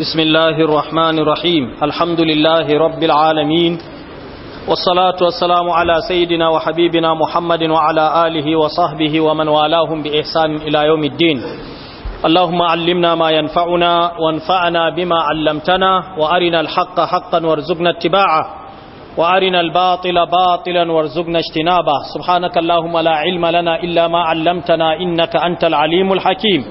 بسم الله الرحمن الرحيم الحمد لله رب العالمين والصلاة والسلام على سيدنا وحبيبنا محمد وعلى آله وصحبه ومن والاهم بإحسان إلى يوم الدين اللهم علمنا ما ينفعنا وانفعنا بما علمتنا وأرنا الحق حقا وارزقنا اتباعه وارنا الباطل باطلا وارزقنا اجتنابه سبحانك اللهم لا علم لنا الا ما علمتنا انك انت العليم الحكيم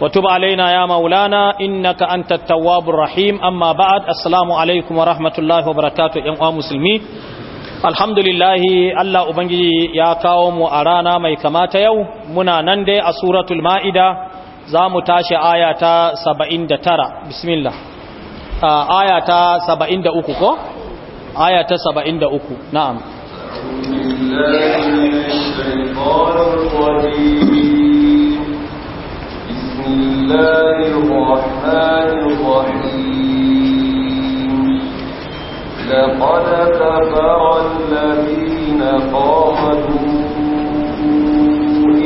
وتب علينا يا مولانا إنك أنت التواب الرحيم أما بعد السلام عليكم ورحمة الله وبركاته يا مسلمين الحمد لله الله أبنجي يا كاوم وأرانا ميكمات يو منا نندي أسورة المائدة زام تاشي آية سبعين ترى بسم الله آية سبعين أكو آية سبعين أكو نعم بسم الله الشيطان الرجيم الله الرحمن الرحيم لقد كفر الذين قالوا إن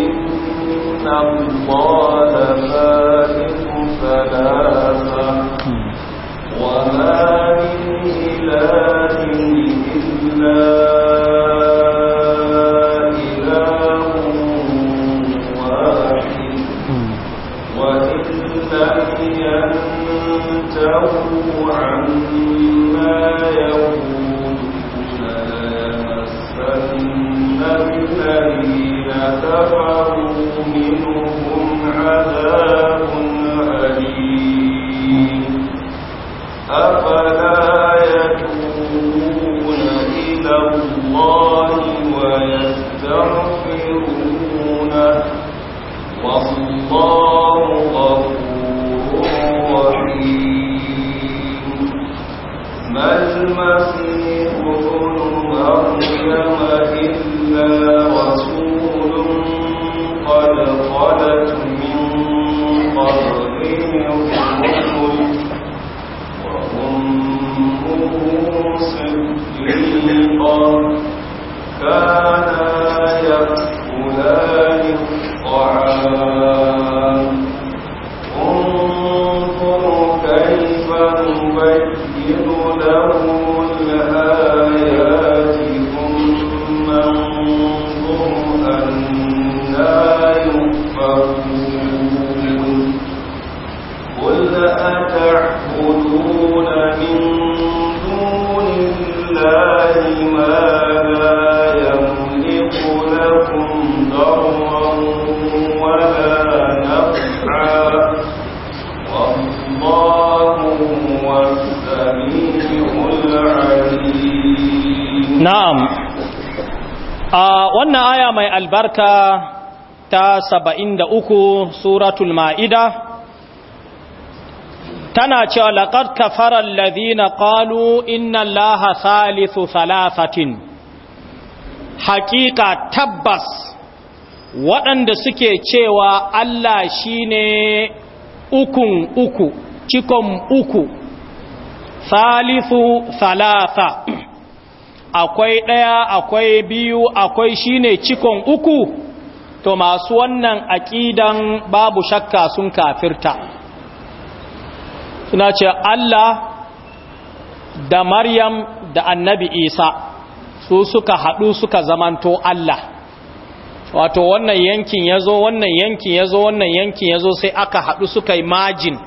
الله فارق ثلاثة وما من إله إلا كفروا منهم عذاب أليم أفلا يتوبون إلى الله ويستغفرونه والله غفور رحيم ما المسيح ابن مريم إلا aya mai albarka ta saba'in da uku suratul ma'ida tana cewa laƙar kafarar ladina ƙalu inna laha salisu salasatin haƙiƙa tabbas waɗanda suke cewa Allah shine ukun uku cikon uku salisu salasa akwai ɗaya akwai biyu akwai shine cikon uku to masu wannan aƙidan babu shakka sun kafirta suna ce Allah da Maryam da annabi Isa su suka haɗu suka zamanto Allah wato wannan yankin ya zo wannan yankin ya zo wannan yankin ya zo sai aka haɗu suka yi majin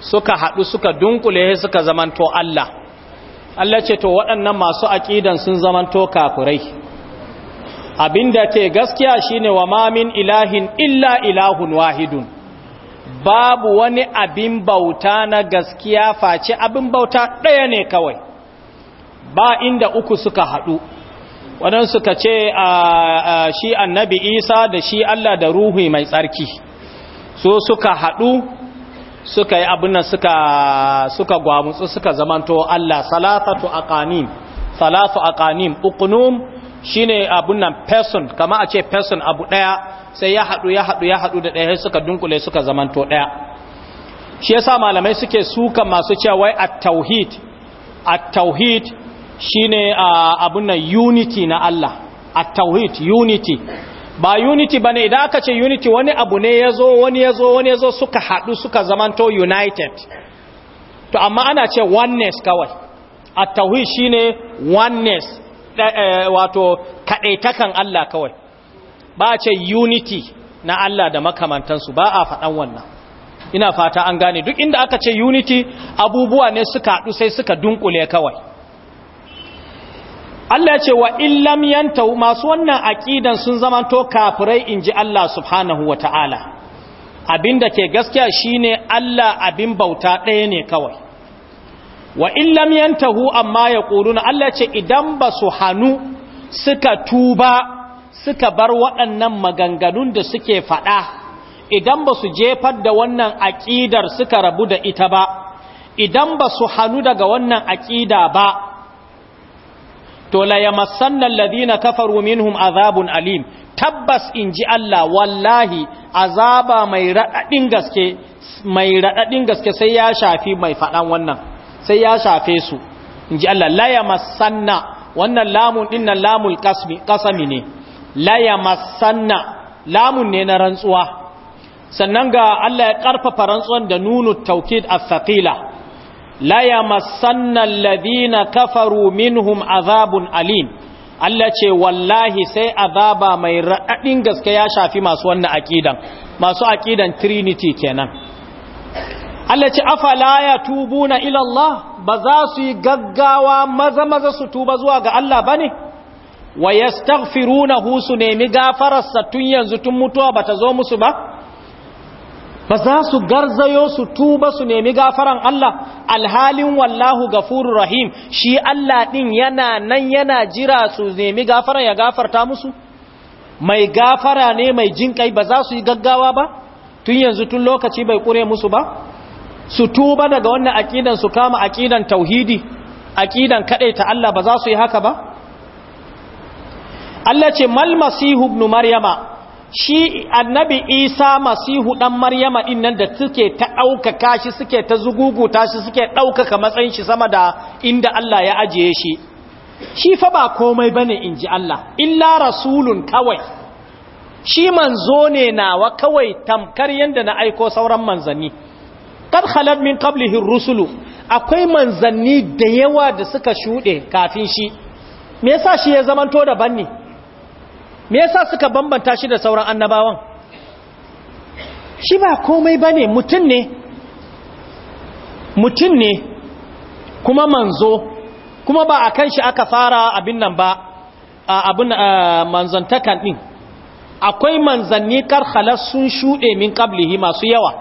suka haɗu suka dunkule suka zamanto Allah Allah ce to waɗannan masu aƙidan sun zaman zamanto kafirai abinda ke gaskiya shine wa mamin ilahin illa ilahun wahidun babu wani abin bauta na gaskiya face abin bauta ɗaya ne kawai ba inda uku suka haɗu waɗansu suka ce a shi annabi isa da shi Allah da ruhu mai tsarki so suka haɗu suka yi abin nan suka suka gwamutsu suka zamanto Allah salatatu aqanim salatu aqanim uqnum shine abun nan person kama a ce person abu daya sai ya hadu ya hadu ya hadu da daya suka dunkule suka zamanto daya shi yasa malamai suke suka masu cewa wai at-tauhid at-tauhid shine ah, abun nan unity na Allah at-tauhid unity ba unity bane idan aka ce unity wani abu ne yazo wani yazo wani yazo suka hadu suka zamanto united to amma ana ce oneness kawai at-tauhid shine oneness eh, wato kadaitakan Allah kawai ba ce unity na Allah da makamantansu ba a faɗan wannan ina fata an gane duk inda aka ce unity abubuwa ne suka haɗu sai suka dunkule kawai Allah ya ce wa illam yantau masu wannan aqidan sun zama zamanto kafirai inji Allah subhanahu wataala abinda ke gaskiya shine Allah abin bauta ɗaya ne kawai wa illam yantahu amma yaquluna Allah ya ce idan ba su hanu suka tuba suka bar waɗannan maganganun da suke faɗa idan ba su jefar da wannan aqidar suka rabu da ita ba idan ba su hanu daga wannan aqida ba to la yamassanna kafar kafaru minhum azabun alim tabbas inji Allah wallahi azaba mai radadin gaske mai radadin gaske sai ya shafi mai fadan wannan sai ya shafe su inji Allah la yamassanna wannan lamun din nan lamul qasmi qasami ne la yamassanna lamun ne na rantsuwa sannan ga Allah ya karfafa rantsuwan da nunu tawkid as-saqila la yamassanna alladhina kafaru minhum azabun alim Allah ce wallahi sai azaba mai raɗaɗin gaske ya shafi masu wannan aƙidan masu aƙidan trinity kenan Allah ce afala ya tubu na ilallah ba za su yi gaggawa maza maza su tuba zuwa ga Allah bane? ne wa yastaghfiruna hu su nemi gafararsa tun yanzu tun mutuwa bata zo musu ba ba za su garzayo su tuba su nemi gafaran Allah alhalin wallahu gafuru rahim shi Allah din yana nan yana jira su nemi gafaran ya gafarta musu mai gafara ne mai jinkai ba za su yi gaggawa ba tun yanzu tun lokaci bai kure musu ba su tuba daga wannan aqidan su kama aqidan tauhidi aqidan ta Allah ba za su yi haka ba Allah ce mal masihu ibn maryama shi annabi isa masihu dan maryama din nan da suke ta ɗaukaka shi suke ta zuguguta shi suke ɗaukaka matsayin shi sama da inda Allah ya ajiye shi shi fa ba komai bane in ji Allah illa rasulun kawai shi manzo ne nawa kawai tamkar yanda na aiko sauran manzanni kad khalat min qablihi rusulu akwai manzanni da yawa da suka shuɗe kafin shi me yasa shi ya zamanto daban ne me yasa suka bambanta shi da sauran annabawan shi ba komai bane mutum ne mutum ne kuma manzo kuma ba a kan shi aka fara abin nan ba a abin manzantakan din akwai manzanni karhalas sun shuɗe min ƙablihi masu yawa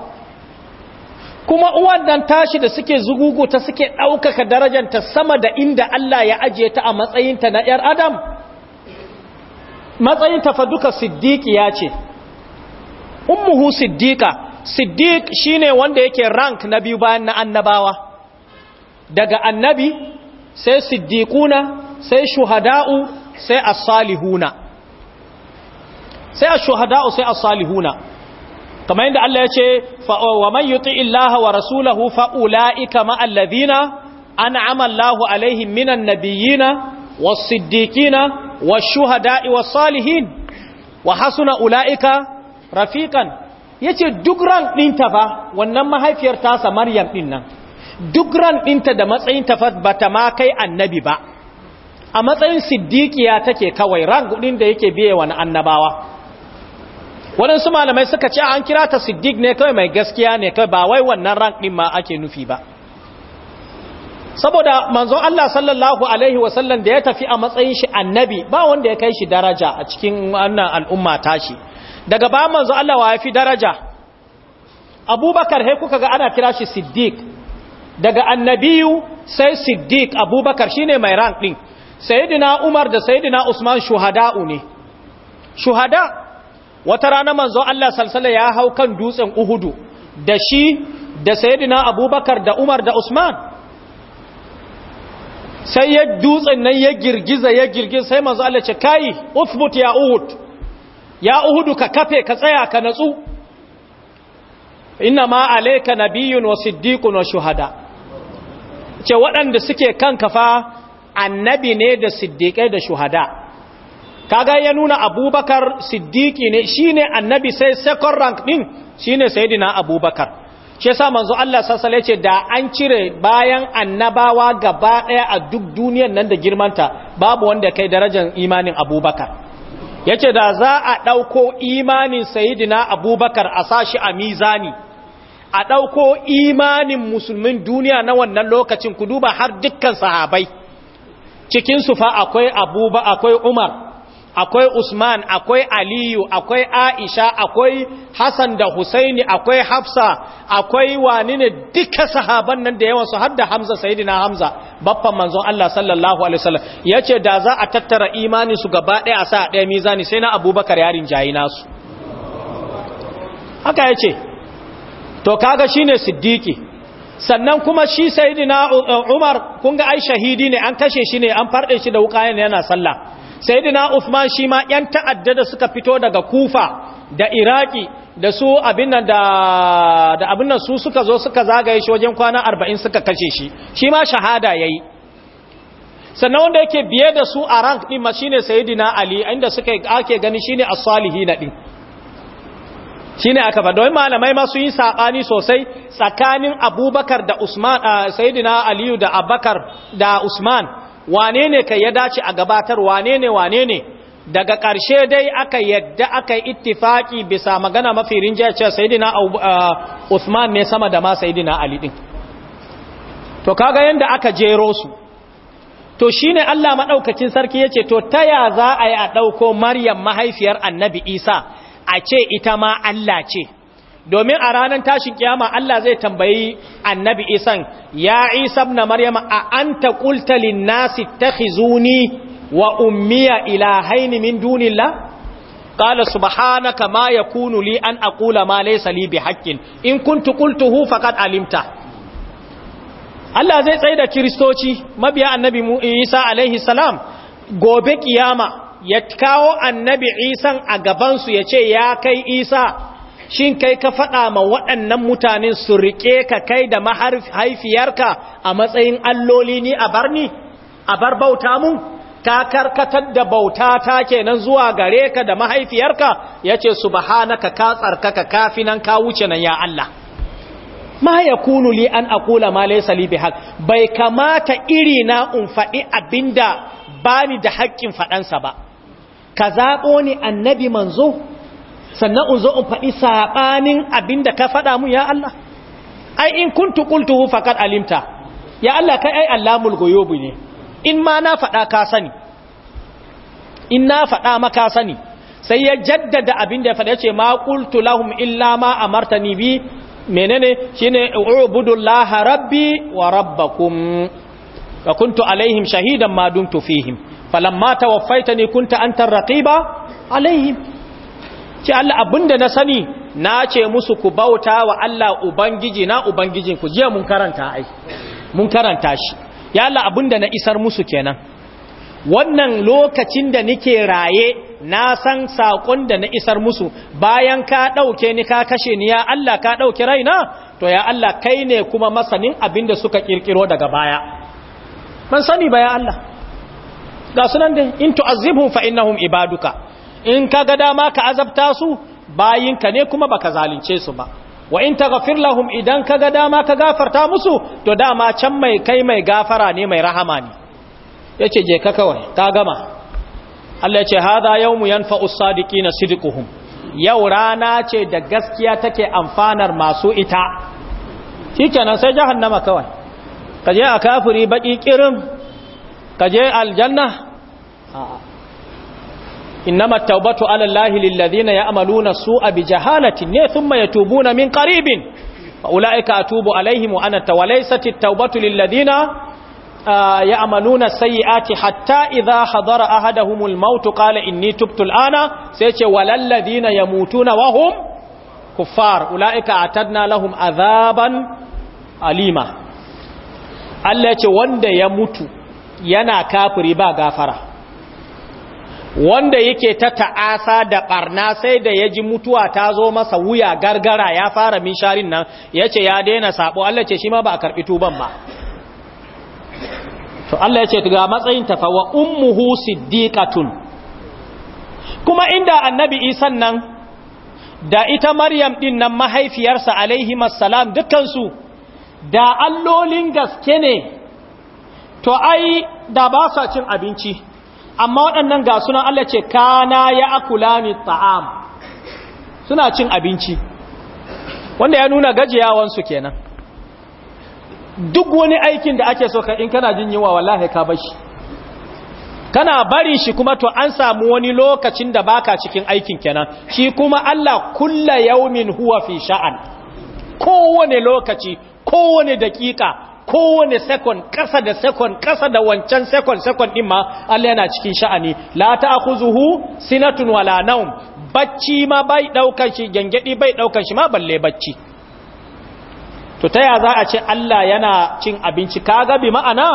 kuma uwan dan tashi da suke zugugu ta suke ɗaukaka darajanta sama da inda Allah ya ajiye ta a matsayinta na ‘yar Adam’ matsayin tafa duka siddiqiya ce ummuhu siddiqa siddiq shine wanda yake rank na biyu bayan na annabawa daga annabi sai siddiquna sai shuhada'u sai as-salihuna sai ash-shuhada'u sai as-salihuna kamar yadda Allah ya ce fa wa man yuti illaha wa rasulahu fa ulaika ma alladhina an'ama Allahu alaihim minan nabiyina was-siddiqina wa والصالحين wa salihin wa hasuna ula'ika rafikan yace duk ran dinta fa wannan mahaifiyar tasa maryam ɗin nan duk ran ɗinta da matsayin ta bata ma kai annabi ba a matsayin siddiqiya take kawai ran gudin da yake biye wa annabawa Wannan su malamai suka ce an kira ta siddiq ne kawai mai gaskiya ne kawai ba wai wannan rang din ma ake nufi ba saboda manzon Allah sallallahu alaihi wasallam da ya tafi a matsayin shi annabi ba wanda ya kai shi daraja a cikin wannan al'umma tashi daga ba manzon Allah wa yafi daraja abubakar he kuka ga ana kira shi siddiq daga annabiyu sai siddiq abubakar shine mai ran din sayyidina umar da sayyidina usman shuhada'u ne shuhada wata rana manzon Allah salsala ya hau kan dutsen uhudu da shi da sayyidina abubakar da umar da usman sai ya dutsen nan ya girgiza ya girgiza sai manzo Allah ce kai uthbut ya uhud ya uhudu ka kafe ka tsaya ka natsu inna ma alayka nabiyyun wa siddiqun wa shuhada ce waɗanda suke kanka fa annabi ne da siddiqai da shuhada kaga ya nuna abubakar siddiqi ne shine annabi sai second rank din shine sayyidina abubakar shi yasa manzo Allah sassale ce da an cire bayan annabawa gaba ɗaya a duk duniyar nan da girmanta babu wanda kai darajar imanin abubakar ya ce da za a ɗauko imanin sayidina abubakar a sa shi a mizani a ɗauko imanin musulmin duniya na wannan lokacin ku duba har dukkan sahabai cikinsu fa akwai abuba akwai umar akwai Usman akwai Aliyu akwai Aisha akwai Hassan da Husaini akwai Hafsa akwai wani ne duka sahaban nan da yawan su har da Hamza Sayyidina Hamza baffan manzon Allah sallallahu alaihi wasallam yace da za a tattara imani su gaba ɗaya a sa ɗaya mizani sai na Abubakar yarin jayi nasu haka yace to kaga shine Siddiqi sannan kuma shi Sayyidina Umar kun ga ai shahidi ne an kashe shi ne an farɗe shi da wuƙa yana sallah sayyidina Usman shi ma yan ta'adda da suka fito daga Kufa da Iraki da su abin nan da da abin nan su suka zo suka zagaye shi wajen kwana arba'in suka kashe shi shi ma shahada yayi sannan wanda yake biye da su a rank ɗin ma shine sayyidina Ali inda suka ake gani shine as na din shine aka ba don malamai masu su yi sabani sosai tsakanin Abubakar da Usman sayyidina Ali da Abubakar da Usman wane ne kai ya dace a gabatar wane ne wane ne daga ƙarshe dai aka yadda aka yi ittifaki bisa magana mafi rinjaya cewa sayidina Uthman uh, ne sama da ma sayidina Ali din to kaga yanda aka jero su to shine Allah madaukakin sarki yace to taya za a yi a dauko Maryam mahaifiyar Annabi Isa a ce ita ma Allah ce domin a ranar tashin kiyama Allah zai tambayi annabi isan ya isabna na maryama a an ta kultalin nasi ta hizuni wa ummiya ilahaini min duninla. ƙala subhanaka ma ya kunu li an aƙula ma laisa li bi haƙƙin in kuntu ƙultuhu faƙad alimta Allah zai tsaye da kiristoci mabiya annabi isa alaihi salam gobe kiyama ya kawo annabi isan a gabansu ya ce ya kai isa shin kai ka faɗa ma waɗannan mutanen su riƙe ka kai da mahaifiyarka a matsayin alloli ni a barni a bar bauta mu ka karkatar da bauta ta kenan zuwa gare ka da mahaifiyarka ya ce subhanaka ka tsarkaka kafi nan ka wuce nan ya Allah ma ya li an akula ma laysa li bihaq bai kamata iri na in faɗi abinda bani da haƙƙin faɗansa ba ka zaɓo ni annabi manzo sannan in zo in faɗi saɓanin abin da ka faɗa mun ya Allah ai in kuntu qultuhu kan alimta ya Allah kai ai allamul ghuyubi ne in ma na faɗa ka sani in na faɗa maka sani sai ya jaddada abin da ya faɗa ce ma kultulahum lahum illa ma a martani bi menene shine ubudullaha rabbi wa rabbakum wa kuntu alaihim shahidan ma dumtu fihim falamma tawaffaytani kunta antar raqiba alaihim ce Allah abinda na sani na ce musu ku bauta wa Allah ubangiji na ubangijin ku jiya mun karanta ai mun karanta shi ya Allah abinda na isar musu kenan wannan lokacin da nike raye na san sakon da na isar musu bayan ka dauke ni ka kashe ni ya Allah ka dauki raina to ya Allah kai ne kuma masanin abinda suka kirkiro daga baya Man sani ba ya Allah ga sunan da in tu'azibhum fa innahum ibaduka in ka ga dama ka azabta su bayinka ne kuma baka zalunce su ba wa in taghfir lahum idan ka ga dama ka gafarta musu to dama can mai kai mai gafara ne mai rahama ne yace je ka kawai ka gama Allah yace hadha yawmu yanfa'u sadiqina sidquhum yau rana ce da gaskiya take amfanar masu ita shikenan sai jahannama kawai kaje a kafiri baki kirin kaje aljanna innama taubatu ala allahi lilladhina ya'maluna su'a bi jahalatin ne thumma yatubuna min qaribin fa ulaika atubu alaihim wa ana tawalaysat at-taubatu lilladhina ya'maluna sayyi'ati hatta idha hadara ahaduhumul maut qala inni tubtu al'ana sai ce walal ya yamutuna wa hum kuffar ulaika atadna lahum adhaban alima Allah yace wanda ya mutu yana kafiri ba gafara wanda yake ta ta'asa da barna sai da ya ji mutuwa ta zo masa wuya gargara ya fara min sharin nan ya ce ya daina sabo Allah ce shi ma ba a karɓi tuban ba to Allah ya ce ga matsayin ta fa wa ummuhu siddiqatun kuma inda annabi isa nan da ita maryam din nan mahaifiyarsa alaihi salam dukkansu da allolin gaske ne to ai da ba sa cin abinci amma waɗannan ga sunan Allah ce kana ya akula ni ta'am suna cin abinci wanda ya nuna gajiyawansu kenan duk wani aikin da ake so in kana jin yiwa wallahi ka bashi kana barin shi kuma to an samu wani lokacin da baka cikin aikin kenan shi kuma Allah kulla yaumin huwa fi sha'an kowane lokaci kowane dakika kowane second kasa da second kasa da wancan second second din ma Allah yana cikin sha'ani la ta'khuzuhu sinatun wala nawm bacci ma bai daukar shi gangadi bai daukar shi ma balle bacci to taya za a ce Allah yana cin abinci kaga bi ma'ana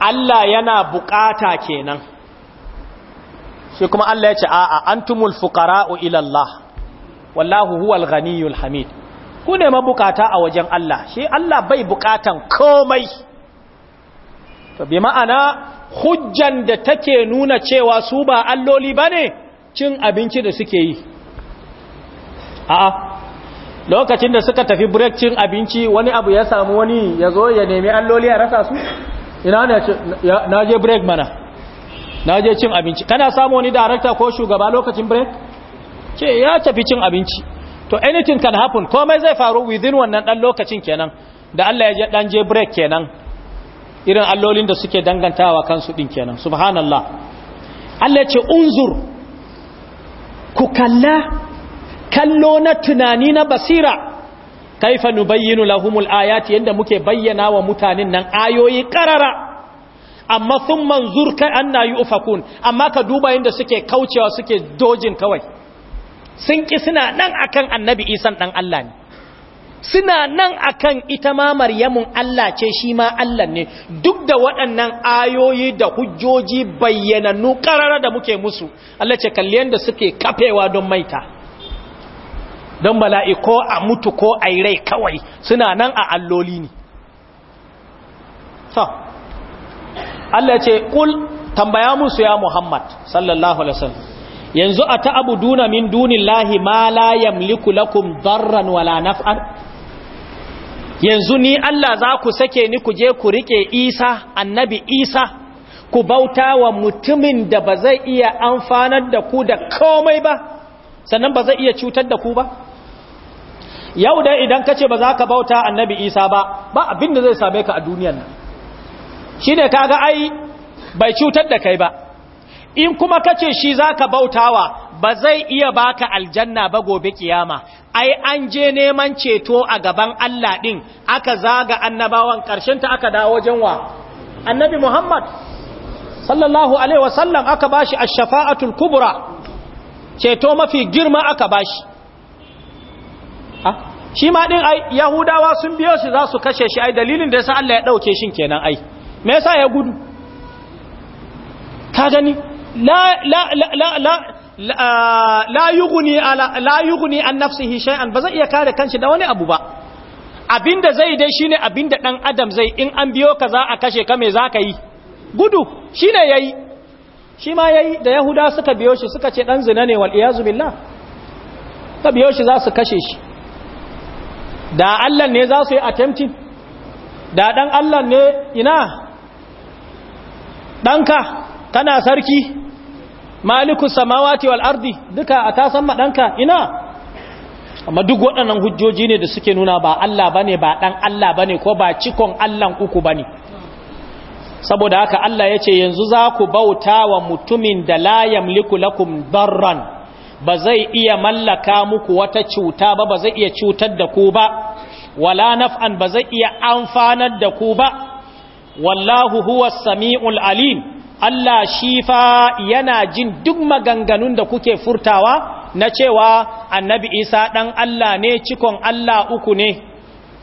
Allah yana bukata kenan shi kuma Allah ya ce a'a antumul fuqara'u ila Allah wallahu huwal ghaniyul hamid ku ne mabukata a wajen Allah shi Allah bai bukatan komai to bi ma'ana hujjan da take nuna cewa su ba alloli bane cin abinci da suke yi a'a lokacin da suka tafi break cin abinci wani abu ya samu wani ya zo ya nemi alloli ya rasa su ina ne na je break mana na je cin abinci kana samu wani director ko shugaba lokacin break ce ya tafi cin abinci to anything can happen komai zai faru within wannan dan lokacin kenan da Allah ya je dan je break kenan irin allolin da suke dangantawa kansu din kenan subhanallah Allah ya ce unzur ku kalla kallo na tunani na basira kaifa nubayyinu lahumul ayati yanda muke bayyana wa mutanen nan ayoyi karara amma sun manzur kai anna yufakun amma ka duba yanda suke kaucewa suke dojin kawai sun ƙi suna nan akan annabi isan ɗan Allah ne suna nan akan ita ma maryamun Allah ce shi ma Allah ne duk da waɗannan ayoyi da hujjoji bayyananu ƙarara da muke musu Allah ce kalli yadda suke kafewa don maita don bala'i ko a mutu ko a rai kawai suna nan a alloli ne Allah ce ƙul tambaya musu ya Muhammad sallallahu Alaihi wasallam yanzu a duna min lahi ma la yamliku lakum darran wala naf'an yanzu ni Allah za ku sake ni ku je ku rike Isa annabi Isa ku bauta wa mutumin da ba zai iya amfanar da ku da komai ba sannan ba zai iya cutar da ku ba yau da idan ka ce ba za ka bauta annabi Isa ba ba abin da zai same ka a duniyan nan shi ne kaga ai bai cutar da kai ba in kuma kace shi zaka bautawa ba zai iya baka aljanna ba gobe kiyama ai an je neman ceto a gaban Allah din aka zaga annabawan karshen ta aka dawo wajen wa annabi Muhammad sallallahu alaihi wasallam aka bashi ash-shafa'atul kubra ceto mafi girma aka bashi ha ah, shi ma din ai yahudawa sun biyo shi za su kashe shi ai dalilin da yasa Allah ya dauke shi kenan ai me yasa ya gudu ka gani la la la la la an ba zai iya kare kanshi da wani abu ba abinda zai dai shine abinda dan adam zai in an biyo ka za a kashe ka me zaka yi gudu shine yayi shi ma yayi da yahuda suka biyo shi suka ce dan zina ne wal iyazu billah ka biyo shi za su kashe shi da Allah ne za su yi attempting da dan Allah ne ina ɗanka kana sarki maliku samawati wal ardi duka a tasan madanka ina amma duk waɗannan hujjoji ne da suke nuna ba Allah bane ba dan Allah bane ko ba cikon Allah uku bane saboda haka Allah ya ce yanzu za ku bauta wa mutumin da la yamliku lakum darran ba zai iya mallaka muku wata cuta ba ba zai iya cutar da ku ba wala naf'an ba zai iya amfanar da ku ba wallahu huwa samiul alim Allah shi fa yana jin duk maganganun da kuke furtawa na cewa annabi Isa ɗan Allah ne cikon Allah uku ne,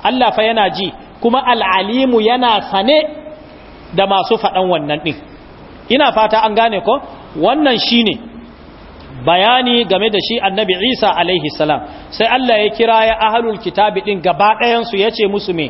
Allah fa yana ji, kuma al'alimu yana sane da masu faɗan wannan ɗin. Ina fata an gane ko, wannan shi ne bayani game da shi annabi Isa alaihi salam, sai Allah ya kira ya ahalul kitabi ɗin gaba ɗayansu ya ce musu me.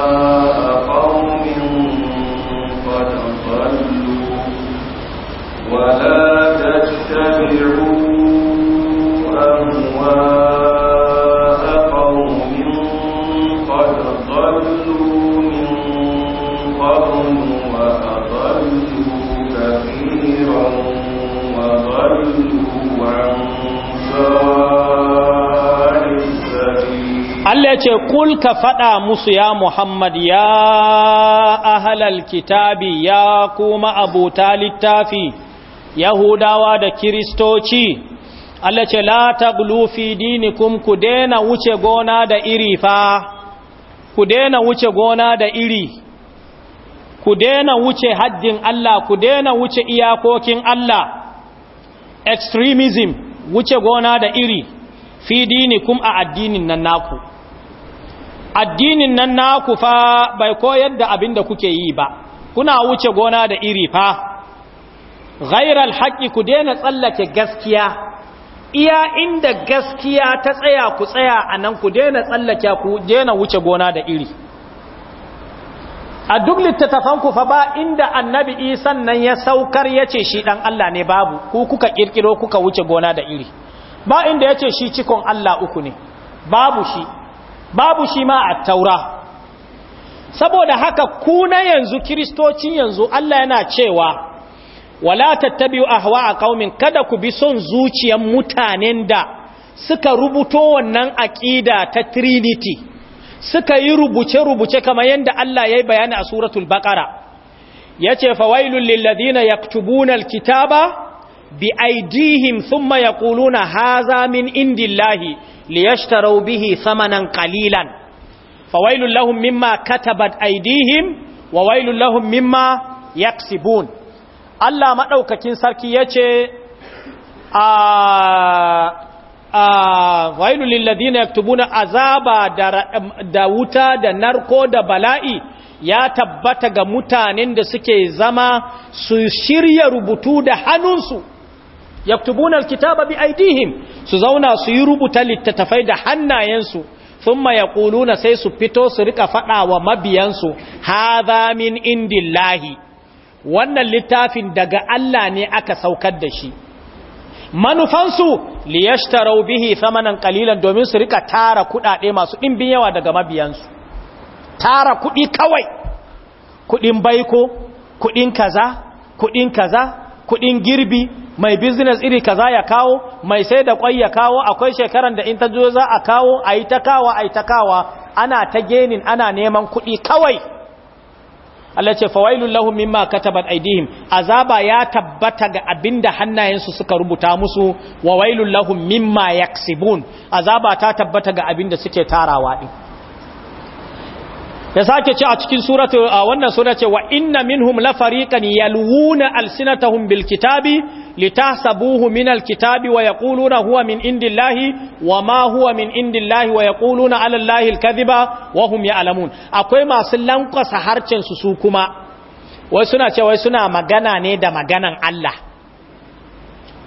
ya ce kulka faɗa musu ya Muhammad ya ahalal kitabi ya kuma abuta littafi Yahudawa da Kiristoci Allah ce la taglu fi dini kum ku dena wuce gona da iri fa ku dena wuce gona da iri ku dena wuce haddin Allah ku dena wuce iyakokin Allah extremism wuce gona da iri fi dini kum a addinin nan naku addinin nan naku fa bai koyar da abin da kuke yi ba kuna wuce gona da iri fa ghairal haqqi ku daina tsallake gaskiya iya inda gaskiya ta tsaya ku tsaya anan ku daina tsallake ku daina wuce gona da iri a duk littattafan ku fa ba inda annabi isan nan ya saukar yace shi dan Allah ne babu ku kuka kirkiro kuka wuce gona da iri ba inda ya shi cikon Allah uku ne babu shi babu shi ma a taura saboda haka kuna yanzu kiristocin yanzu Allah yana cewa wala tattabi'u a qaumin kada ku bi son zuciyan mutanen da suka rubuto wannan aqida ta trinity suka yi rubuce rubuce kamar yadda Allah ya yi bayani a suratul baqara yace fawailul lil ladina yaktubuna alkitaba bi aidihim thumma yaquluna haza min indillahi liyashtaru bihi thamanan qalilan fawailul lahum mimma katabat aidihim wa wailul lahum mimma yaksibun Allah madaukakin sarki yace a a wailul lil ladina yaktubuna azaba da, da wuta da narko da bala'i ya tabbata ga mutanen da suke zama su shirya rubutu da hannunsu yaktubuna alkitaba bi su zauna su yi rubuta littattafai da hannayensu thumma yaquluna sai su fito su rika fada wa mabiyansu hadha min indillahi wannan littafin daga Allah ne aka saukar da shi manufansu liyashtarau bihi thamanan qalilan domin su rika tara kudade masu dimbin yawa daga mabiyansu tara kudi kawai kudin baiko kudin kaza kudin kaza kudin girbi mai business iri kaza ya kawo mai sai da kwai ya kawo akwai shekaran da in ta zo za a kawo a yi ta kawa a yi ta kawa ana ta genin ana neman kudi kawai Allah ce fawailun lahum mimma katabat aidihim azaba ya tabbata ga abinda hannayensu suka rubuta musu wa wailun lahum mimma yaksibun azaba ta tabbata ga abinda suke tarawa din ya sake ce a cikin suratu a wannan sura ce wa inna minhum la fariqan yalwuna alsinatahum bil kitabi litahsabuhu min al kitabi wa yaquluna huwa min indillahi wa ma huwa min indillahi wa yaquluna ala allahi al kadhiba wa hum ya'lamun akwai masu lankwasa harcen su su kuma wai suna ce wai suna magana ne da maganan Allah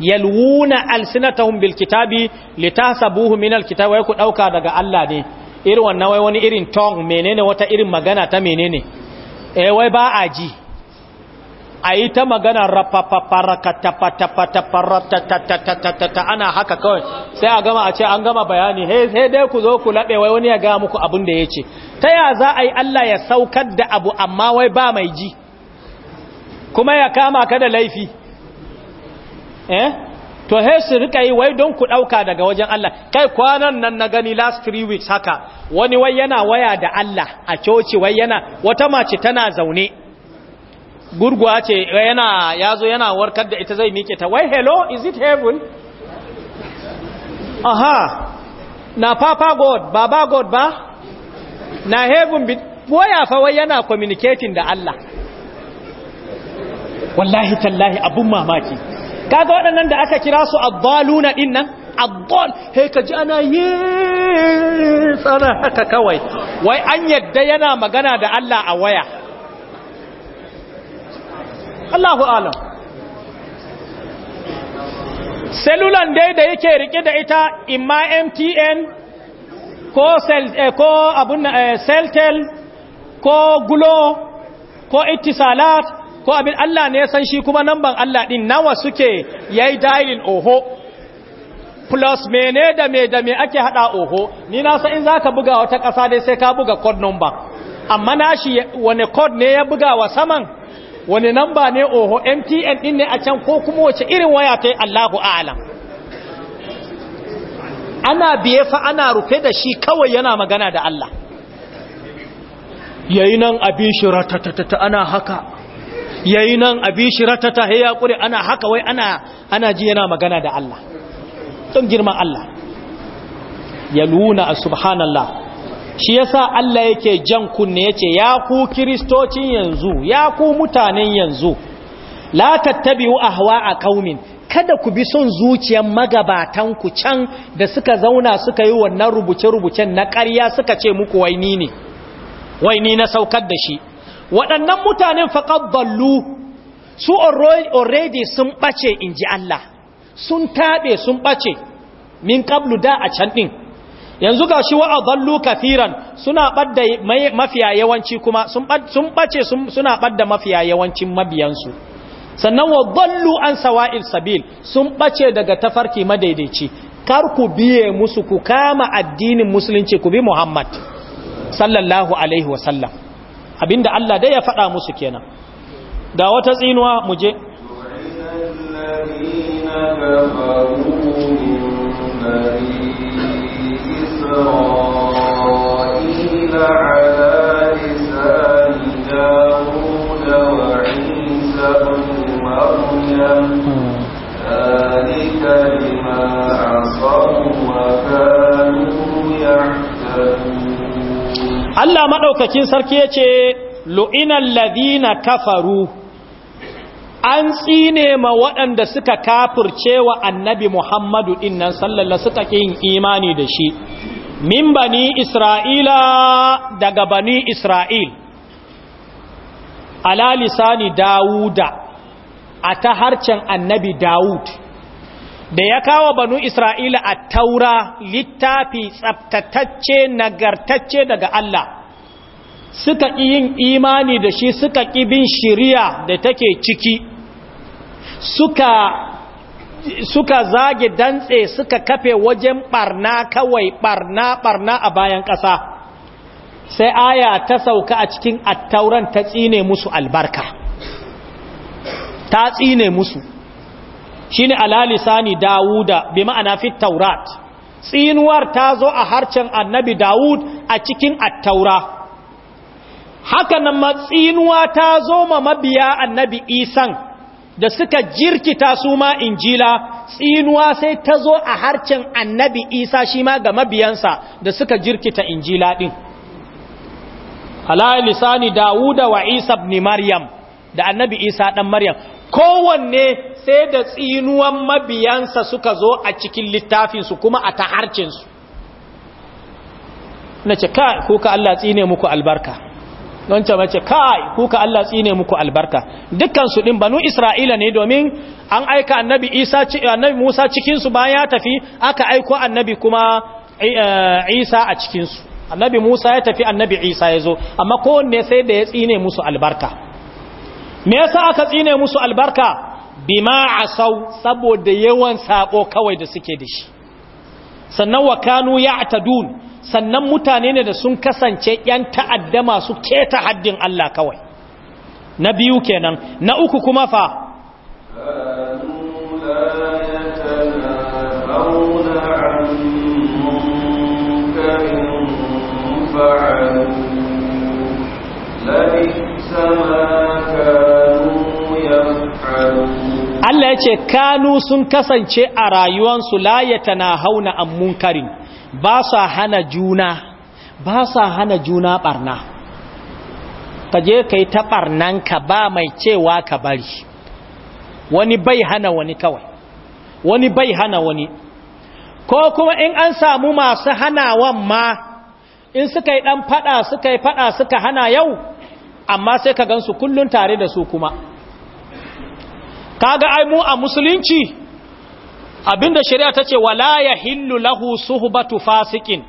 yalwuna alsinatahum bil kitabi litahsabuhu min al kitabi wai ku dauka daga Allah ne irin wannan wai wani irin tong menene wata irin magana ta menene eh wai ba a ji Ayi ta magana rapapaparakatapatapataparatatatatatata ana haka kawai sai a gama a ce an gama bayani he dai ku zo ku laɓe wai wani ya gaya muku abin da ya ce ta ya za a yi Allah ya saukar da abu amma wai ba mai ji kuma ya kama ka da laifi eh to he su rika yi wai don ku ɗauka daga wajen Allah kai kwanan nan na gani last three weeks haka wani wai yana waya da Allah a coci wai yana wata mace tana zaune gurguwa ce yana ya zo yana warkar da ita zai miƙe ta wai hello is it heaven aha na papa god baba god ba na heaven bit waya fa wai yana communicating da Allah wallahi tallahi abun mamaki kaga waɗannan da aka kira su a din nan addal he ka ji ana yi tsana haka kawai wai an yadda yana magana da Allah a waya Allahu alam cellular dai da yake rike da ita imma MTN ko cell eh, ko Gulo, eh, ko Glo ko Ittisalat ko abin Allah ne ya san shi kuma namban Allah ɗin nawa suke yayi dialing oho plus mene da me da me ake haɗa oho ni na san in zaka buga wata kasa dai sai ka buga code number amma na shi wani code ne ya buga wa saman wani number ne oho MTN ɗin ne a can ko kuma wace irin waya ta yi Allahu a'lam ana biye fa ana rufe da shi kawai yana magana da Allah yayi nan abin shi ratatatata ana haka yayi nan abi shirata ta ya kure ana haka wai ana ana ji yana magana da Allah don girman Allah yaluna subhanallah shi yasa Allah yake jan kunne yace ya ku kristocin yanzu ya ku mutanen yanzu la tattabi'u ahwa'a qaumin kada ku bi son zuciyar magabatan ku can da suka zauna suka yi wannan rubuce-rubucen na ƙarya suka ce muku waini ne waini na saukar da shi waɗannan mutanen faƙad ballu su already sun ɓace in ji Allah sun taɓe sun ɓace min ƙablu da a can ɗin yanzu ga shi wa'a ballu kafiran suna ɓadda mafiya yawanci kuma sun ɓace suna ɓadda mafiya yawancin mabiyansu sannan wa ballu an sawa'il sabil sun ɓace daga tafarki madaidaici kar ku biye musu ku kama addinin musulunci ku bi muhammad sallallahu alaihi wasallam abinda Allah dai ya faɗa musu kenan ga wata tsinuwa mu je Allah maɗaukakin sarki ya ce lu'inan ladina kafaru an tsine ma waɗanda suka kafirce wa annabi Muhammadu innan sallalla suka ƙin imani da shi min bani Isra'ila daga bani Isra'il ala lisani Dawuda a ta harcen annabi Dawud da ya kawo banu Isra'ila a taura littafi tsabtatacce nagartacce daga Allah suka yin imani da shi suka ƙi bin shiriya da take ciki suka suka zage dantse suka kafe wajen barna kawai barna barna a bayan ƙasa sai aya ta sauka a cikin attauran ta tsine musu albarka ta tsine musu shine alalisani dawuda bi ma'ana fit taurat tsinuwar ta zo a harcen annabi dawud a cikin attaura haka nan matsinuwa ta zo ma mabiya annabi isan da suka jirkita su ma injila tsinuwa sai ta zo a harcin annabi isa shi ma ga mabiyansa da suka jirkita injila ɗin halayen lisani dawuda wa isa ibn maryam da annabi isa ɗan maryam kowanne sai da tsinuwan mabiyansa suka zo a cikin littafinsu kuma a ta harcinsu na ce ka kuka allah tsine muku albarka don ce mace kai kuka Allah tsine muku albarka dukansu din banu Isra'ila ne domin an aika annabi Isa annabi Musa cikin su bayan ya tafi aka aiko annabi kuma eh, eh, Isa a cikin su annabi Musa ya tafi annabi Isa ya zo amma kowanne sai da ya tsine musu albarka me yasa aka tsine musu albarka bima asau saboda yawan sako kawai da suke da shi sannan wa kanu ya'tadun sannan mutane ne da sun kasance ‘yan ta'adda masu keta haddin Allah kawai na biyu kenan na uku kuma fa Allah ya ce kanu sun kasance a rayuwansu la ya tana hauna an munkarin ba sa hana juna ba sa hana juna barna ka je ka yi ta ka ba mai cewa ka bari wani bai hana wani kawai wani bai hana wani ko kuma in an samu masu hanawan ma in suka yi dan fada suka yi fada suka hana yau amma sai ka gansu kullun tare da su kuma kaga ai mu a musulunci abinda shari'a ta ce wala ya hillu lahu suhbatu fasikin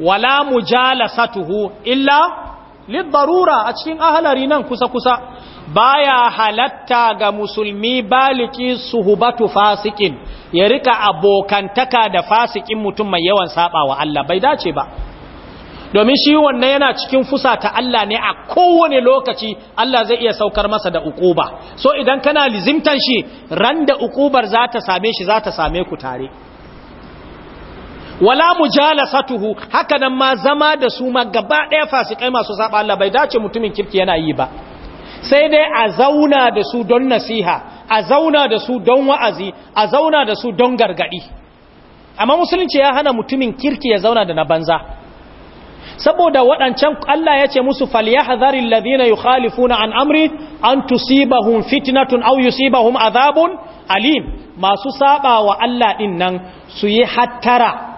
wala mujalasatuhu illa lidarura a cikin ahalari nan kusa-kusa baya halatta ga musulmi baliki suhubatu fasikin ya rika abokantaka da fasikin mutum mai yawan saba wa Allah bai dace ba domin shi wannan yana cikin fusa ta Allah ne a kowane lokaci Allah zai iya saukar masa da ukuba so idan kana lizimtan shi ran da ukubar za ta same shi za ta same ku tare wala mujalasatuhu haka nan ma zama da su ma gaba ɗaya fasikai masu saba Allah bai dace mutumin kirki yana yi ba sai dai a zauna da su don nasiha a zauna da su don wa'azi a zauna da su don gargadi amma musulunci ya hana mutumin kirki ya zauna da na banza saboda waɗancan Allah ya ce musu falyahzaril ladina yukhalifuna an amri an tusibahum fitnatun aw yusibahum adhabun alim masu saba wa Allah din nan su yi hattara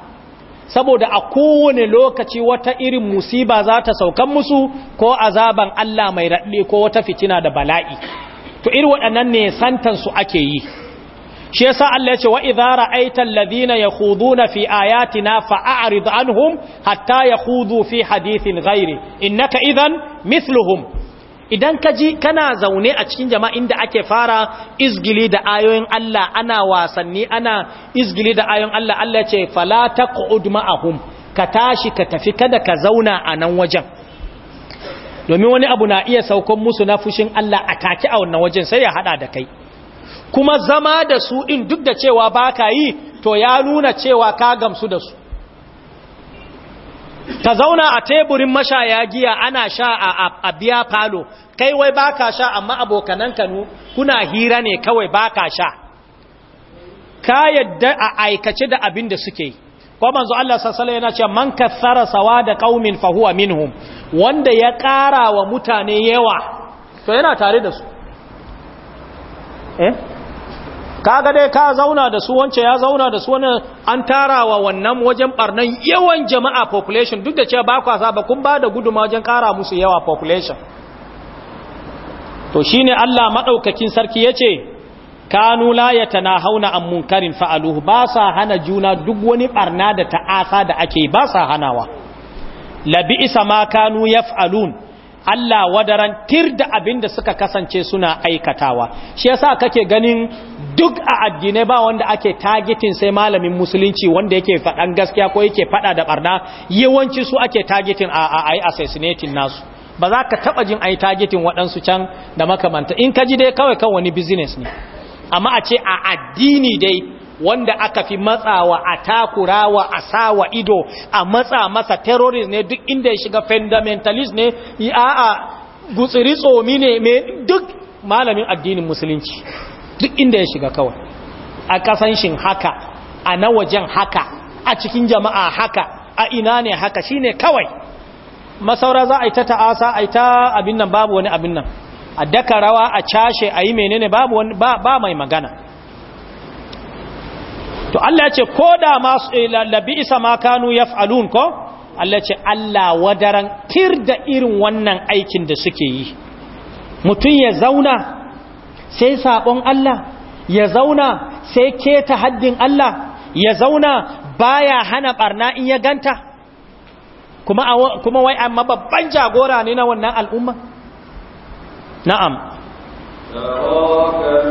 saboda a kowane lokaci wata irin musiba za ta saukan musu ko azaban Allah mai raɗe ko wata fitina da bala'i to irin waɗannan ne santansu ake yi shi yasa Allah ya ce wa idza ra'aita alladhina yakhuduna fi ayatina fa'rid anhum hatta yakhudu fi hadithin ghairi innaka idhan mithluhum idan kaji kana zaune a cikin jama'a inda ake fara izgili da ayoyin Allah ana wasanni ana izgili da ayoyin Allah Allah ya ce fala taq'ud ma'ahum ka tashi ka tafi kada ka zauna a nan wajen domin wani abu na iya saukon musu na fushin Allah a take a wannan wajen sai ya hada da kai kuma zama da su in duk da cewa ba ka yi to ya nuna cewa ka gamsu da su ka zauna a teburin mashaya giya ana sha a biya falo kai wai ba ka sha amma abokanan kanu kuna hira ne kawai ba ka sha ka yadda a aikace da abin da suke yi ko manzo Allah sassala yana cewa man kathara sawa da qaumin fa minhum wanda ya ƙara wa mutane yawa to yana tare da su eh kaga dai ka zauna da su wance ya zauna da su wani an tarawa wannan wajen barnan yawan jama'a population duk da cewa ba kwa saba kun ba da guduma wajen kara musu yawa population to shine Allah madaukakin sarki yace kanu la hauna an munkarin fa'aluhu ba sa hana juna duk wani barna da ta'asa da ake ba sa hanawa labi isa ma kanu yaf'alun Allah wadaran tir da abin da suka kasance suna aikatawa shi yasa kake ganin duk a addinai ba wanda ake targetin sai malamin musulunci wanda yake faɗan gaskiya ko yake faɗa da barna yawanci su ake targetin a a ai assassinating nasu ba za ka taba jin ai targetin wadansu can da makamanta in ka ji dai kawai kan wani business ne amma a ce a addini dai wanda aka fi matsawa a takurawa a sawa ido a matsa masa terrorist ne duk inda ya shiga fundamentalist ne a gutsiri tsomi ne mai duk malamin addinin musulunci duk inda ya shiga kawai a kasanshin haka a na wajen haka a cikin jama'a haka a ina ne haka shi ne kawai masaura za a yi ta ta'asa a yi ta abin nan babu wani abin nan a daka rawa a cashe a yi menene babu ba mai magana to Allah ce ko da masu eh, labi isa ma kanu yaf'alun ko Allah ce Allah wadaran tir da irin wannan aikin da suke yi mutum ya zauna sai sabon Allah ya zauna sai keta haddin Allah ya zauna baya hana barna in ya ganta kuma kuma wai amma babban jagora ne na wannan al'umma na'am taraka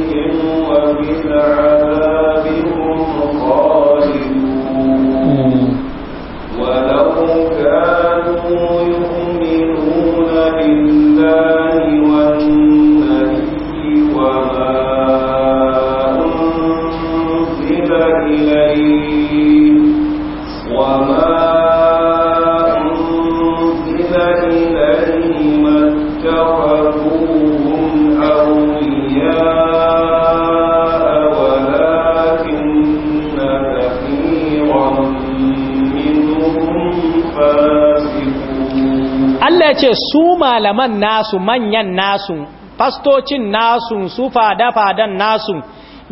ce su malaman nasu manyan nasu fastocin nasu su fada-fadan nasu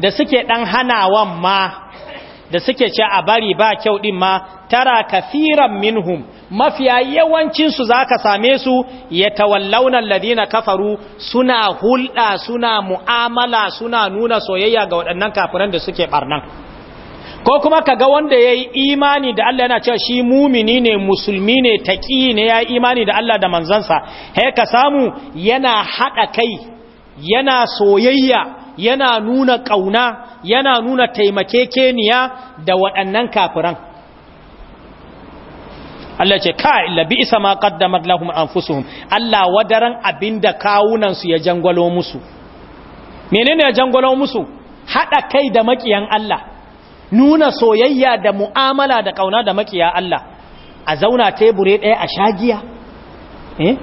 da suke ɗan hanawan ma da suke ce a bari ba kyau ɗin ma tara kafiran minhum mafiya yawancinsu za ka same su ya tawallaunan ladina kafaru suna hulɗa suna mu'amala suna nuna soyayya ga waɗannan kafiran da suke ɓarnan ko kuma kaga wanda ya yi imani da Allah yana cewa shi mumini ne musulmi ne taƙi ne ya yi imani da Allah da manzansa he ka samu yana haɗa kai yana soyayya yana nuna ƙauna yana nuna taimakekeniya da waɗannan kafiran Allah ce ka illa bi isa ma qaddamat lahum anfusuhum Allah wadaran abinda kawunan su ya jangwalo musu menene ya jangwalo musu hada kai da makiyan Allah nuna soyayya da mu'amala da kauna da makiya Allah a zauna tebure ɗaya a shagiya giya? Eh?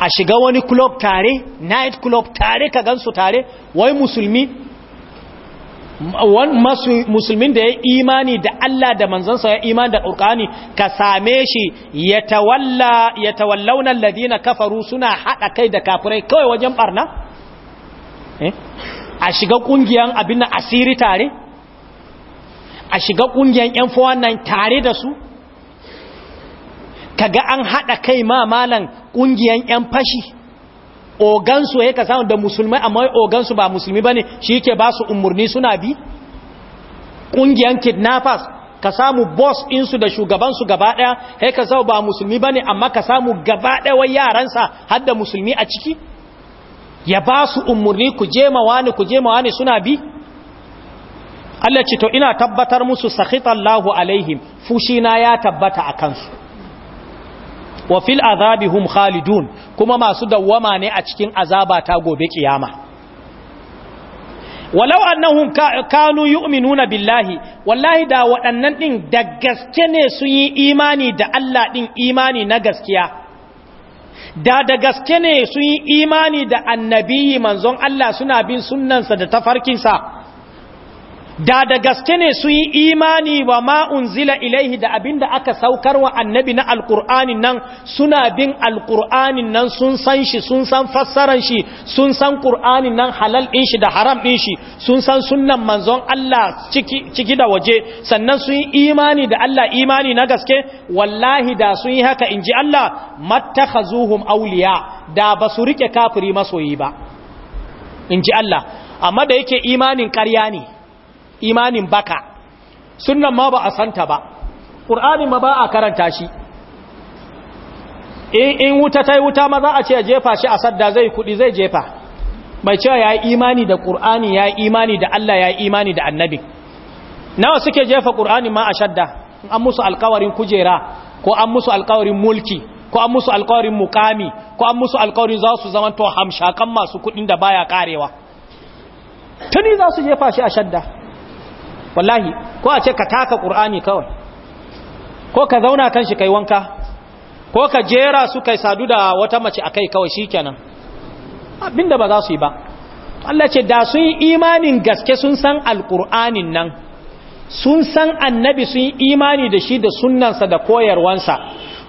a shiga wani club tare night club tare ka gansu tare wai musulmi musulmin da ya imani da Allah da manzansa ya imani da ƙurƙani ka same shi ya tawallaunan ladina kafaru suna haɗa kai da kafirai kawai wajen ɓarna eh? a shiga ƙungiyar abin na asiri tare a shiga ƙungiyar 'yan nan tare da su ka ga an haɗa kai ma malan ƙungiyar 'yan fashi ogansu ya ka samu da musulmai amma ogansu ba musulmi ba ne shi ke ba su umarni suna bi ƙungiyar kidnappers ka samu boss insu da shugabansu gaba ɗaya ya ka samu ba musulmi ba ne amma ka samu gaba ɗaya yaransa har da musulmi a ciki ya ba su umarni ku je mawa ku je mawa suna bi Allah ce to ina tabbatar musu sakhitallahu alaihim fushina ya tabbata a kansu wa fil azabihum khalidun kuma masu dawwama ne a cikin azaba ta gobe kiyama walau annahum kanu yu'minuna billahi wallahi da waɗannan din da gaske ne su yi imani da Allah din imani na gaskiya da da gaske ne su yi imani da annabi manzon Allah suna bin sunnansa da tafarkinsa da da gaske ne su yi imani wa ma'un zila ilaihi da abinda aka saukar wa annabi na alkur'anin nan suna bin alkur'anin nan sun san shi sun san fassaran shi sun san kur'anin nan halal ɗin shi da haram ɗin shi sun san sunnan manzon Allah ciki da waje sannan sun yi imani da Allah imani na gaske wallahi da sun yi haka in ji Allah mattakhazuhum awliya da ba su rike kafiri masoyi ba in ji Allah amma da yake imanin ƙarya ne imanin baka sunan ma ba a santa ba ƙur'ani ma ba a karanta shi in wuta ta yi wuta ma za a ce jefa shi a sadda zai kudi zai jefa mai cewa ya yi imani da ƙur'ani ya yi imani da Allah ya yi imani da annabi nawa suke jefa ƙur'ani ma a shadda an musu alkawarin kujera ko an musu alkawarin mulki ko an musu alkawarin mukami ko an musu alkawarin za su zama to hamshakan masu kudin da baya karewa tuni za su jefa shi a shadda wallahi ko a ce ka taka ƙur'ani kawai ko ka zauna kan shi kai wanka ko ka jera su kai sadu da wata mace a kai kawai shi kenan abinda ba za su yi ba Allah ce da sun yi imanin gaske sun san alƙur'anin nan sun san annabi sun yi imani da shi da sunnansa da koyarwansa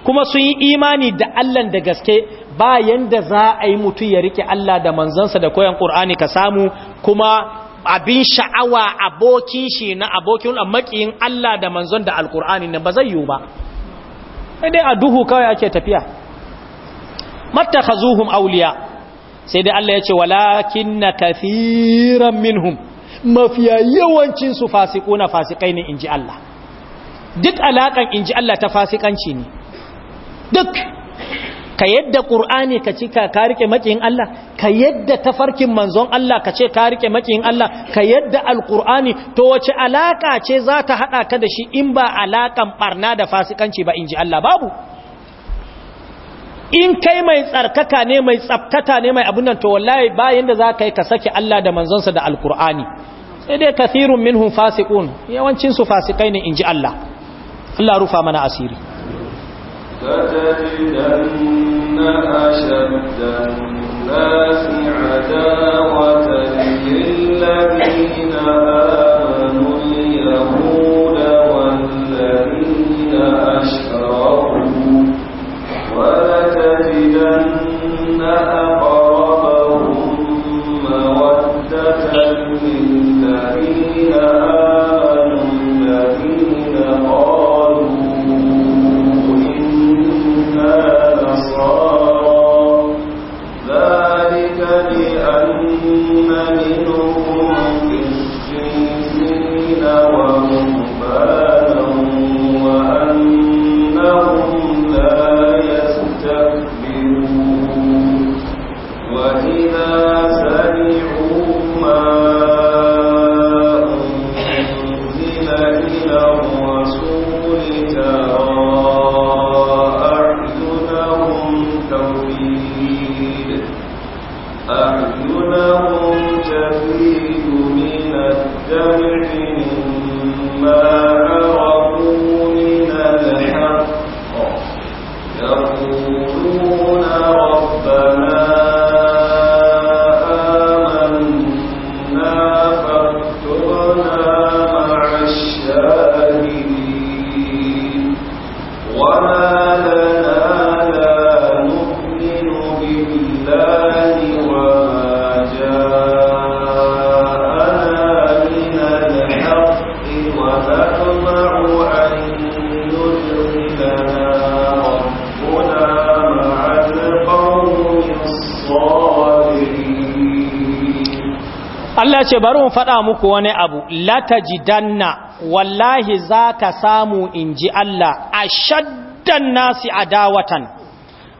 kuma sun yi imani da Allah da gaske ba yanda za a yi mutu ya rike Allah da manzansa da koyan ƙur'ani ka samu kuma abin sha'awa abokin shi na abokin makiyin Allah da manzon da alkur'ani na ba zai yiwu ba sai dai a duhu kawai ake tafiya mata zuhun auliya sai dai Allah ya ce walakin na min minhum mafiya yawancin su na fasikai ne inji Allah duk in inji Allah ta fasikanci ne duk ka yadda ƙur'ani ka ci ka rike makiyin Allah ka yadda tafarkin manzon Allah ka ce ka rike makiyin Allah ka yadda alƙur'ani to wace alaƙa ce za ta haɗa ka da shi in ba alaƙan ɓarna da fasikanci ba in ji Allah babu in kai mai tsarkaka ne mai tsabtata ne mai abun nan to wallahi bayan da za ka yi ka sake Allah da manzonsa da alƙur'ani sai dai kathirun minhum fasiqun yawancin su fasikai ne in ji Allah Allah rufa mana asiri فتجدن أشد الناس عداوة للذين آمنوا اليهود والذين أشركوا ولتجدن أقربهم ce bari mu faɗa muku wani abu latajidanna wallahi zaka samu inji Allah ashaddan nasi adawatan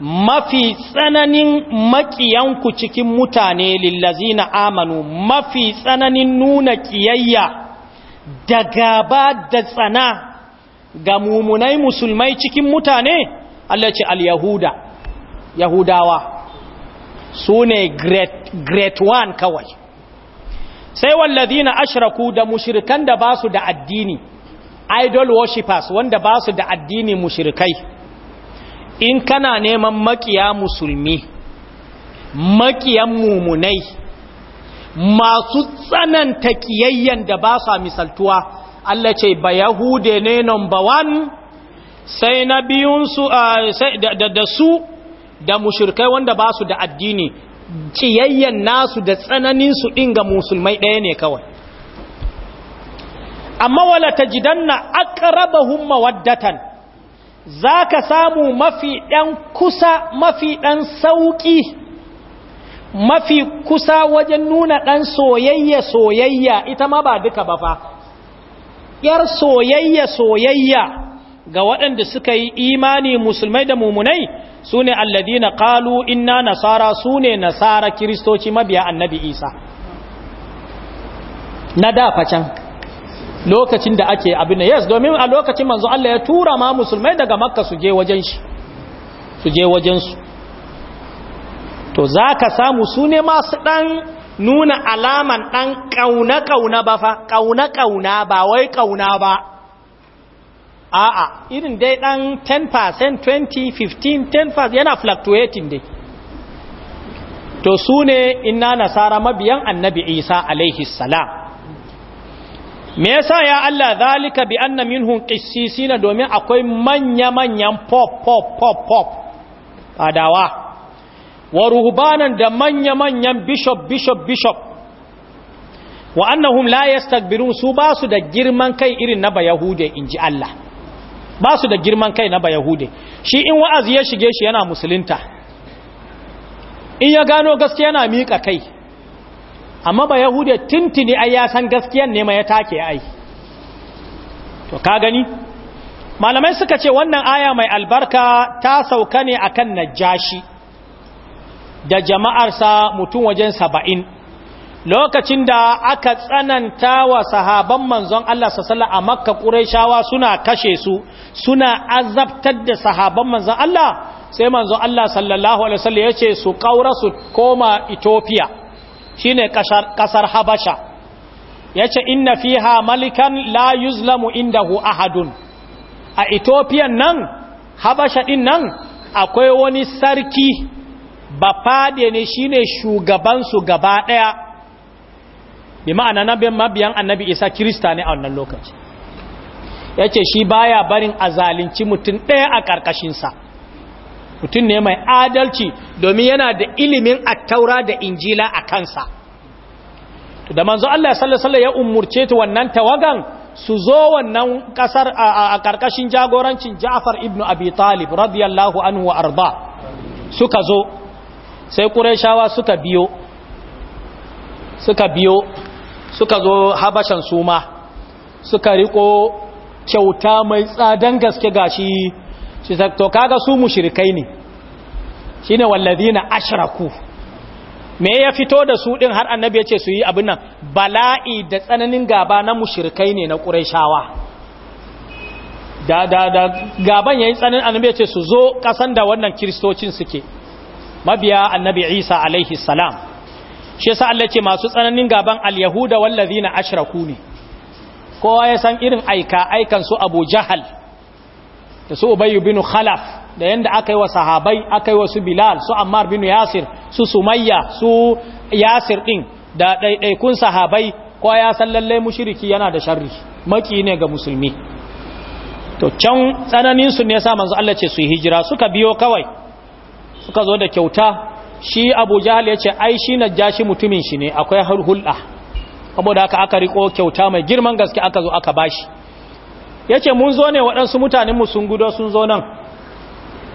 mafi tsananin makiyanku cikin mutane lillazina amanu mafi tsananin nuna kiyayya da gaba da tsana ga mumunai musulmai cikin mutane Allah ce al-yahuda yahudawa su ne great, great one kawai sai wallazina ashraku da mushrikan da basu da addini idol worshipers wanda basu da addini mushrikai in kana neman makiya musulmi makiyan mumunai masu tsananta kiyayyen da ba sa misaltuwa Allah ce ba yahude ne number one sai na biyunsu ah, da su da mushirkai wanda ba su da addini ciyayyen nasu da tsananin su ɗin ga musulmai ɗaya ne kawai amma wala ta jidanna aqrabahum mawaddatan zaka samu mafi ɗan kusa mafi ɗan sauƙi mafi kusa wajen nuna ɗan soyayya soyayya ita ma ba duka ba fa yar soyayya soyayya ga waɗanda suka yi imani musulmai da mumunai su ne na ƙalu ina nasara su ne nasara kiristoci mabiya annabi isa na dafacen lokacin da ake abin da yes domin a lokacin manzo Allah ya tura ma musulmai daga makka su je su je wajensu to za ka samu su ne masu ɗan nuna alaman ɗan ƙauna-ƙauna ba fa ƙauna-ƙauna ba wai ƙauna ba a'a irin dai dan 10% 20 15 10% yana fluctuating dai to su ne inna nasara mabiyan annabi isa alaihi salam me yasa ya Allah zalika bi anna minhum qissisina domin akwai manya manyan pop pop pop pop fadawa wa ruhbanan da manya manyan bishop bishop bishop wa annahum la yastakbirun su basu da girman kai irin na bayahude inji Allah ba su da girman kai na bayahude shi in wa'azi ya shige shi yana Musulinta. in ya gano gaskiya yana miƙa kai amma bayahude tintini ai ya san gaskiyan ne mai ya take ai to ka gani malamai suka ce wannan aya mai albarka ta sauka ne akan najashi da jama'arsa mutum wajen saba'in lokacin da aka tsananta wa sahaban manzon Allah sassala a makka ƙuraishawa suna kashe su suna azabtar da sahaban manzon Allah sai manzon Allah sallallahu alaihi wasallam ya ce su ƙaura su koma Ethiopia shine ƙasar Habasha ya ce inna fiha malikan la yuzlamu indahu ahadun a Ethiopia nan Habasha din nan akwai wani sarki ba fade ne shine shugaban su gaba ɗaya bi ma'ana na mabiyan annabi isa kirista ne a wannan lokaci ya ce shi baya barin a mutum ɗaya a ƙarƙashinsa mutum ne mai adalci domin yana da ilimin attaura da injila a kansa da manzo Allah sallallahu ya umurce ta wannan tawagan su zo wannan ƙasar a ƙarƙashin jagorancin Ja'far ibn Abi Talib radiyallahu anhu wa arda suka zo sai Qurayshawa suka biyo suka biyo suka zo habashan suma suka riko kyauta mai tsadan gaske gashi shi to kaga su mushrikai ne shine walladina ashraku me ya fito da su din har annabi ya ce su yi abin nan bala'i da tsananin gaba na mushrikai ne na quraishawa da da da gaban yayin tsananin annabi ya ce su zo kasan da wannan kristocin suke mabiya annabi Isa alaihi salam shi sa Allah ce masu tsananin gaban al-yahuda na ashraku ne kowa ya san irin aika aikan su Abu Jahal da su Ubay bin Khalaf da yanda aka yi wa sahabai aka yi wa su Bilal su Ammar bin Yasir su Sumayya su Yasir din da ɗaiɗaikun sahabai kowa ya san lallai mushiriki yana da sharri maki ne ga musulmi to can tsananin su ne yasa manzo Allah ce su hijira suka biyo kawai suka zo da kyauta shi abu jahal ya ce ai shi najashi mutumin shi ne akwai hulɗa saboda aka riko kyauta mai girman gaske aka zo aka bashi ya ce mun zo ne waɗansu mutanenmu sun gudo sun zo nan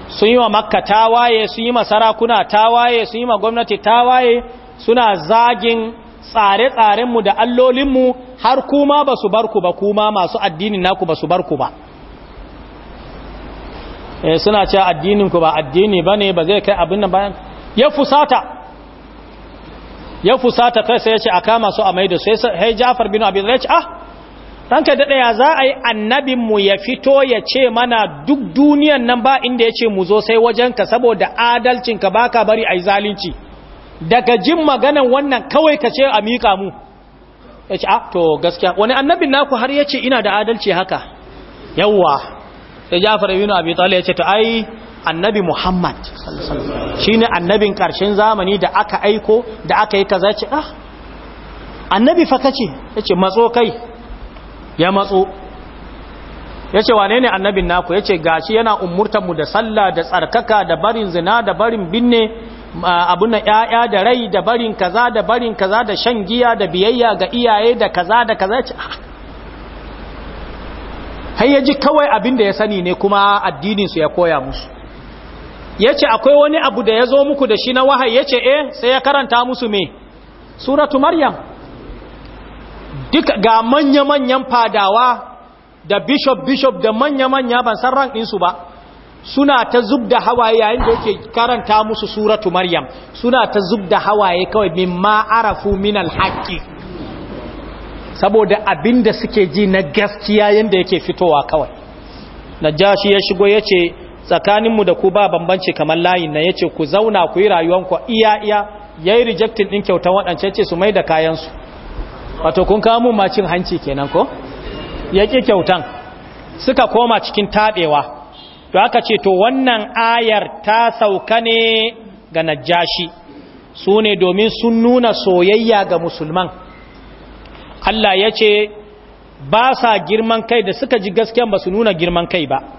sun yi wa makka tawaye sun yi ma sarakuna tawaye sun yi ma gwamnati tawaye suna zagin tsare-tsarenmu da allolinmu har kuma ba su barku ba kuma masu addinin naku ba su barku ba eh, suna cewa addininku ba addini ba ne ba zai kai abin nan bayan ya fusata ya fusata kai sai ya ce a kama su a maido sai sai jafar bin abin zai ce ah ranka da daya za a yi annabin mu ya fito ya ce mana duk duniyan nan ba inda ya ce mu zo sai ka saboda adalcin ka baka bari a zalunci daga jin maganan wannan kawai ka ce a miƙa mu ya ce ah to gaskiya wani annabin naku har yace ina da adalci haka yawwa sai jafar bin Talib ya ce to ai annabi muhammad shi ne annabin karshen zamani da aka aiko da aka yi kaza ce ɗa ah, annabi ce? Ya ce matso kai ya matso ce wane ne annabin naku Ya yace gashi yana umurtar mu da sallah da tsarkaka da barin zina da barin binne abun ya'ya da rai da barin kaza da barin kaza da shan giya da biyayya ga iyaye da kaza da kaza ce ah har kawai abinda ya sani ne kuma addinin su ya koya musu Ya ce akwai wani abu da ya zo muku da shi na wahayi ce eh sai ya karanta musu me suratu maryam duk ga manya-manyan fadawa da bishop-bishop da manya-manya ban san ran ɗinsu ba suna ta zub da hawaye yayin da yake karanta musu suratu maryam suna ta zub da hawaye kawai min ma'arafu min alhaki. saboda abinda suke ji na gaskiya yadda yake fitowa kawai najashi ya shigo ya ce tsakaninmu da ku ba bambanci kamar layin na yace ku zauna ku yi rayuwanku iya iya yayi rejectin ɗin kyautan waɗance ce su mai da kayan wato kun kawo mun macin hanci kenan ko yaki kyautan suka koma cikin tabewa to aka ce to wannan ayar ta sauka ne ga Najashi, su ne domin sun nuna soyayya ga musulman Allah ya ce ba sa girman kai da suka ji gaskiya ba su nuna girman kai ba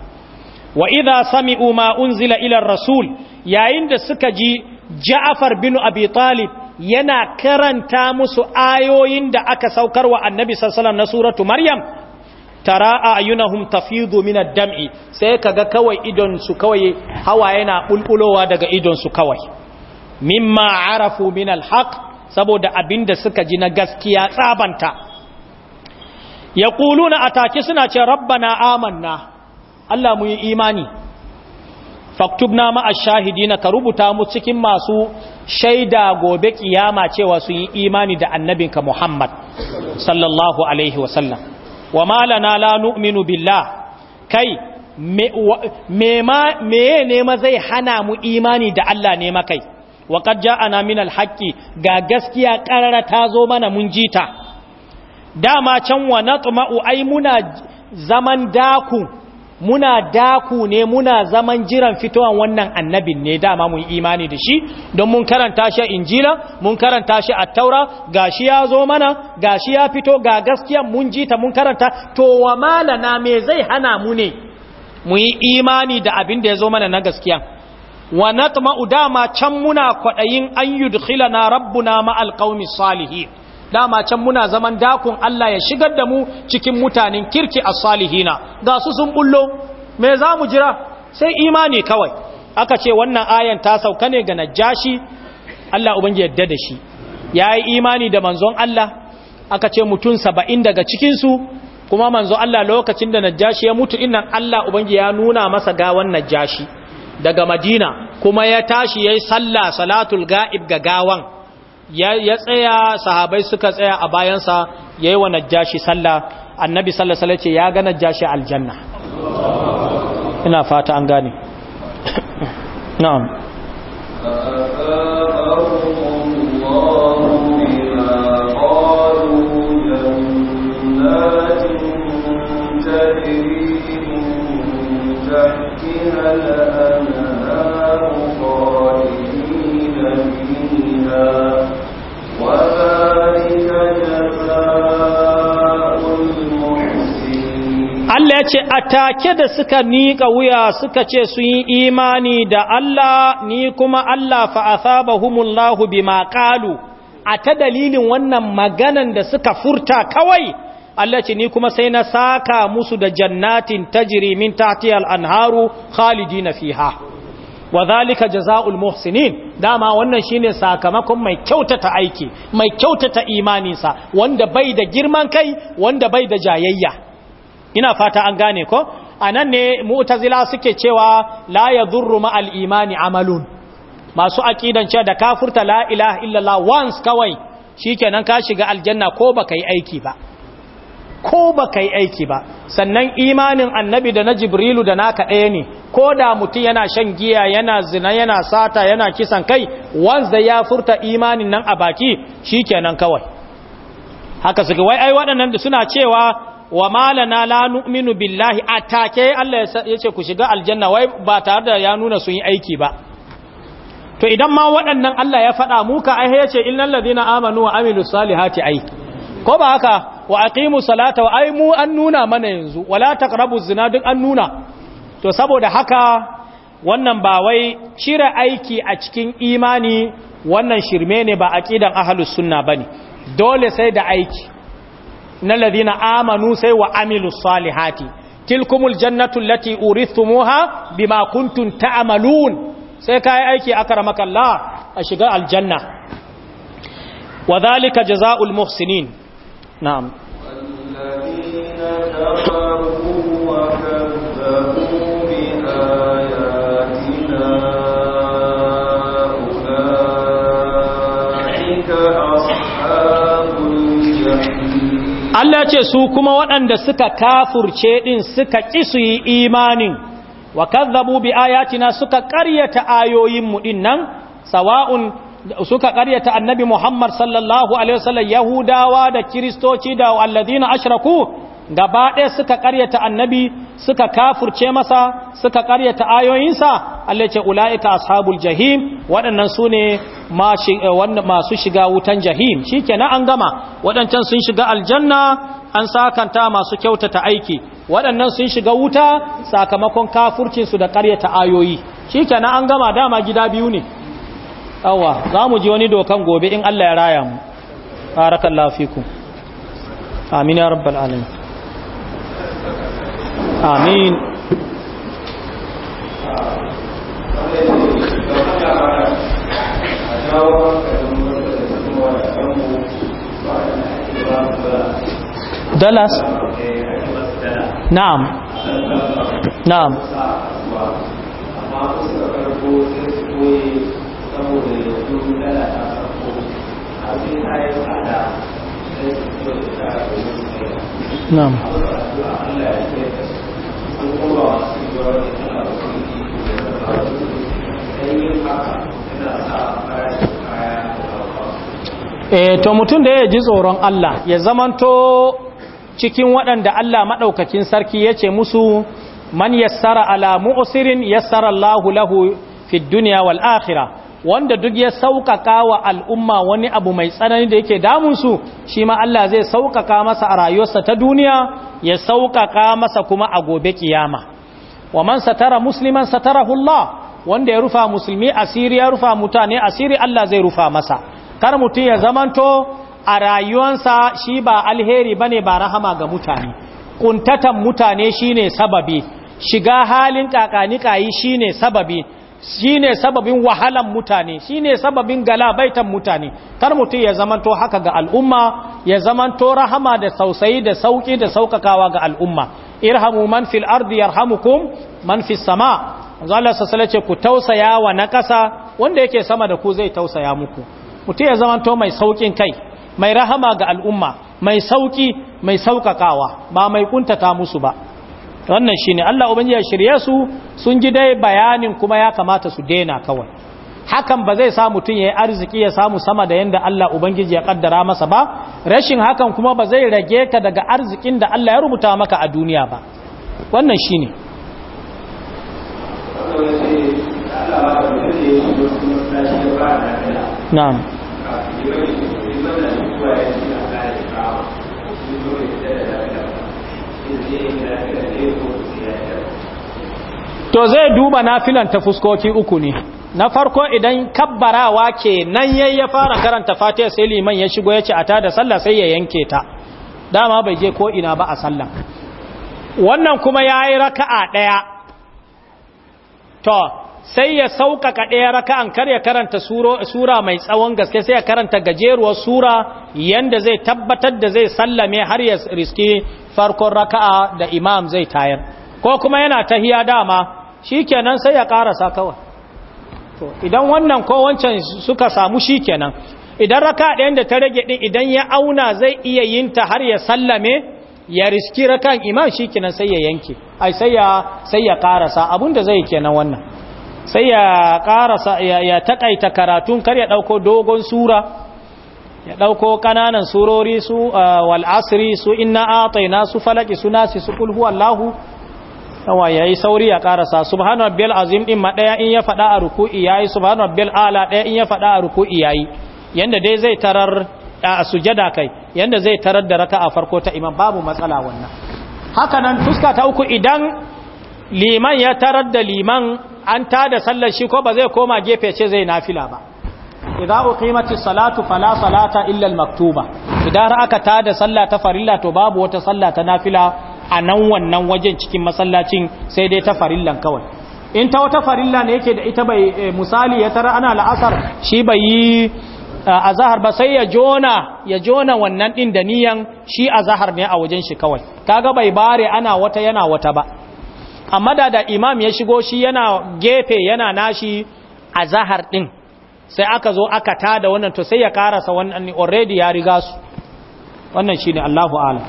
wa idha sami'u ma unzila ila rasul yayin da suka ji Ja'far bin Abi Talib yana karanta musu ayoyin da aka saukar wa Annabi sallallahu alaihi wasallam na suratu Maryam tara ayunahum tafidu min ad-dam'i sai kaga kawai idon su kawai hawa yana bulbulowa daga idon su kawai mimma arafu min al-haq saboda abinda suka ji na gaskiya tsabanta yaquluna ataki suna ce rabbana amanna Allah mu yi imani na ma'a shahidina ka rubuta mu cikin masu shaida gobe kiyama cewa sun yi imani da annabinka Muhammad sallallahu alaihi wasallam wa malana la nu'minu billah kai me ma meye ne ma zai hana mu imani da Allah ne ma kai wa qad ja'ana min al ga gaskiya karara ta zo mana mun jita dama can wa natma'u ai muna zaman daku muna daku ne muna zaman jiran fitowan wannan annabin ne dama mun imani da shi don mun karanta shi injila mun karanta shi attaura gashi ya zo mana gashi ya fito ga gaskiya mun ji mun karanta to wa malana me zai hana mu ne mu yi imani da abin da ya zo mana na gaskiya wa natma'u dama can muna kwaɗayin an yudkhilana rabbuna ma alqaumi salihin dama can muna zaman dakun Allah ya shigar da mu cikin mutanen kirki a salihina ga su sun bullo me za mu jira sai imani kawai aka ce wannan ayan ta sauka ne ga najashi Allah ubangi yadda da shi yayi imani da manzon Allah aka ce mutun 70 daga cikinsu. su kuma manzo Allah lokacin da najashi ya mutu innan Allah ubangi ya nuna masa gawan najashi daga Madina kuma ya tashi yayi sallah salatul ga'ib ga gawan ya tsaya sahabai suka tsaya a bayansa yayi wa najjashi sallah annabi sallallahu alaihi wasallam ya ga najjashi aljanna ina fata an gane na'am Yeah. Uh... خالدين Allah ya ce a take da suka nika wuya suka ce sun yi imani da Allah ni kuma Allah fa'asabahumullahu bima qalu a ta dalilin wannan maganan da suka furta kawai Allah ce ni kuma sai na saka musu da jannatin tajri min tahtiyal anharu khalidina fiha wa zalika jazaa'ul muhsinin dama wannan shine sakamakon mai kyautata aiki mai kyautata imaninsa wanda bai da girman kai wanda bai da jayayya ina fata an gane ko a nan ne mu'tazila suke cewa la ya ma'al imani amalun masu aƙidan cewa da kafurta la ilaha illallah once kawai shikenan ka shiga aljanna ko baka yi aiki ba ko baka yi aiki ba sannan imanin annabi da na jibrilu da naka ɗaya ne ko da mutum yana shan giya yana zina yana sata yana kisan kai once da ya furta imanin nan a baki shikenan kawai haka suka wai ai waɗannan da suna cewa wa malana la nu'minu billahi atake Allah ya ce ku shiga aljanna wai ba tare da ya nuna sun yi aiki ba to idan ma waɗannan Allah ya faɗa muka ai ya ce illal ladina amanu wa amilus salihati ai ko ba haka wa aqimu salata wa ai mu an nuna mana yanzu wala taqrabu zina duk an nuna to saboda haka wannan ba wai cire aiki a cikin imani wannan shirme ne ba aqidan ahlus sunna bane dole sai da aiki na ladina amanu sai wa amilu salihati tilkumul jannatu lati urithumuha bima kuntum ta'malun sai kai aiki akramaka Allah a shiga aljanna wa dhalika jazaa'ul muhsinin na'am والذين كفروا Allah ce su kuma waɗanda suka kafurce ɗin suka ƙi su yi imanin wa kazzabu bi ayatina suka ƙaryata ayoyinmu ɗin nan sawa'un suka karyata annabi Muhammad sallallahu alaihi wasallam Yahudawa da Kiristoci da alladina ashraku gaba ɗaya suka karyata annabi suka kafurce masa suka karyata ayoyinsa Allah ce ulaika ashabul jahim waɗannan su ne eh, masu shiga wutan jahim shi na an gama waɗancan sun shiga aljanna an sakanta masu kyautata aiki waɗannan sun shiga wuta sakamakon kafurcinsu da karyata ayoyi shi na an gama dama gida biyu ne awa za mu ji wani dokan gobe in Allah ya raya mu barakan lafiku amin ya rabbal alamin amin dalas na'am na'am e to mutum da ya ji tsoron Allah ya zamanto cikin waɗanda Allah maɗaukakin sarki ya ce musu man yassara ala mu'sirin yassara Allah lahu fi duniya wal akhirah wanda duk ya sauƙaƙa wa al'umma wani abu mai tsanani da yake damunsu shi ma Allah zai sauƙaƙa masa a rayuwarsa ta duniya ya sauƙaƙa masa kuma a gobe kiyama wa man satara musliman hula wanda ya rufa musulmi asiri ya rufa mutane asiri Allah zai rufa masa kar mutum ya zamanto a rayuwarsa shi ba alheri ba ne ba rahama ga mutane kuntatan mutane shi ne sababi shiga halin kakani kayi ne sababi shine sababin wahalan mutane shine sababin galabaitan mutane kar mutum ya zamanto haka ga al'umma ya zamanto rahama da sausayi da sauki da saukakawa ga al'umma irhamu man fil ardi yarhamukum man fis sama manzo Allah sallallahu ku tausaya wa na kasa wanda yake sama da ku zai tausaya muku mutum ya zamanto mai saukin kai mai rahama ga al'umma mai sauki mai saukakawa ba mai kuntata musu ba wannan shi ne Allah ubangiji ya shirye su sun ji dai bayanin kuma ya kamata su daina kawai hakan ba zai sa mutum ya yi arziki ya samu sama da yadda Allah ubangiji ya kaddara masa ba rashin hakan kuma ba zai rage ka daga arzikin da Allah ya rubuta maka a duniya ba wannan shi ne na'am to zai duba nafilan ta fuskoki uku ne na farko idan kabbarawa ke nan yayi ya fara karanta fatiha sai liman ya shigo ya ce a tada sallah sai ya yanke ta dama bai je ko ina ba a sallah wannan kuma yayi raka'a daya to sai ya sauƙaƙa ɗaya raka'an kar ya karanta sura mai tsawon gaske sai ya karanta gajeruwar sura yanda zai tabbatar da zai sallame har ya riski farkon raka'a da imam zai tayar ko kuma yana tahiya dama shikenan sai ya ƙarasa kawai idan wannan ko wancan suka samu shikenan idan raka'a ɗayan da ta rage din idan ya auna zai iya yin ta har ya sallame ya riski raka'an imam shikenan sai ya yanke ai sai ya sai ya ƙarasa abinda zai kenan wannan sai ya ƙarasa ya taƙaita karatun kar ya ɗauko dogon sura ya ɗauko ƙananan surori su wal'asiri su inna ataina su falaki su nasi su kulhu Allahu yawa ya yi sauri ya ƙarasa subhanu rabbiyal azim ɗin ma daya in ya faɗa a ruku'i ya yi subhanu ala ɗaya in ya faɗa a ruku'i ya yi dai zai tarar a sujada kai yanda zai tarar da raka a farko ta imam babu matsala wannan haka nan fuska ta uku idan liman ya tarar da liman an tada sallar shi ko ba zai koma gefe ce zai nafila ba idza uqimatis salatu fala salata illa al-maktuba idan aka tada sallah ta farilla to babu wata sallah ta nafila a nan wannan wajen cikin masallacin sai dai ta farillan kawai in ta wata farilla ne yake da ita bai eh, misali ya tara ana la'asar shi bai yi eh, azahar ba sai ya jona ya jona wannan din da niyan shi azahar ne a wajen shi kawai kaga bai bare ana wata yana wata ba amma da da imam ya shigo shi yana gefe yana nashi a zahar ɗin sai aka zo aka tada wannan to sai ya karasa wannan already ya riga su wannan shi ne allahu ala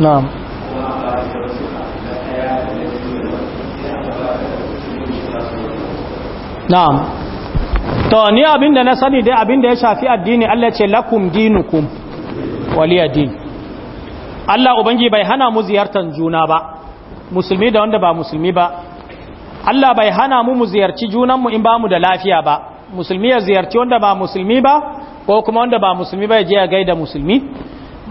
na'am na'am to ni abin da na sani dai abin da ya shafi addini Allah ce lakum dinukum waliya din Allah ubangi bai hana mu ziyartar juna ba musulmi da wanda ba musulmi ba Allah bai hana mu mu ziyarci junanmu in ba mu da lafiya ba musulmi ya ziyarci wanda ba musulmi ba ko kuma wanda ba musulmi ba ya je ya gaida musulmi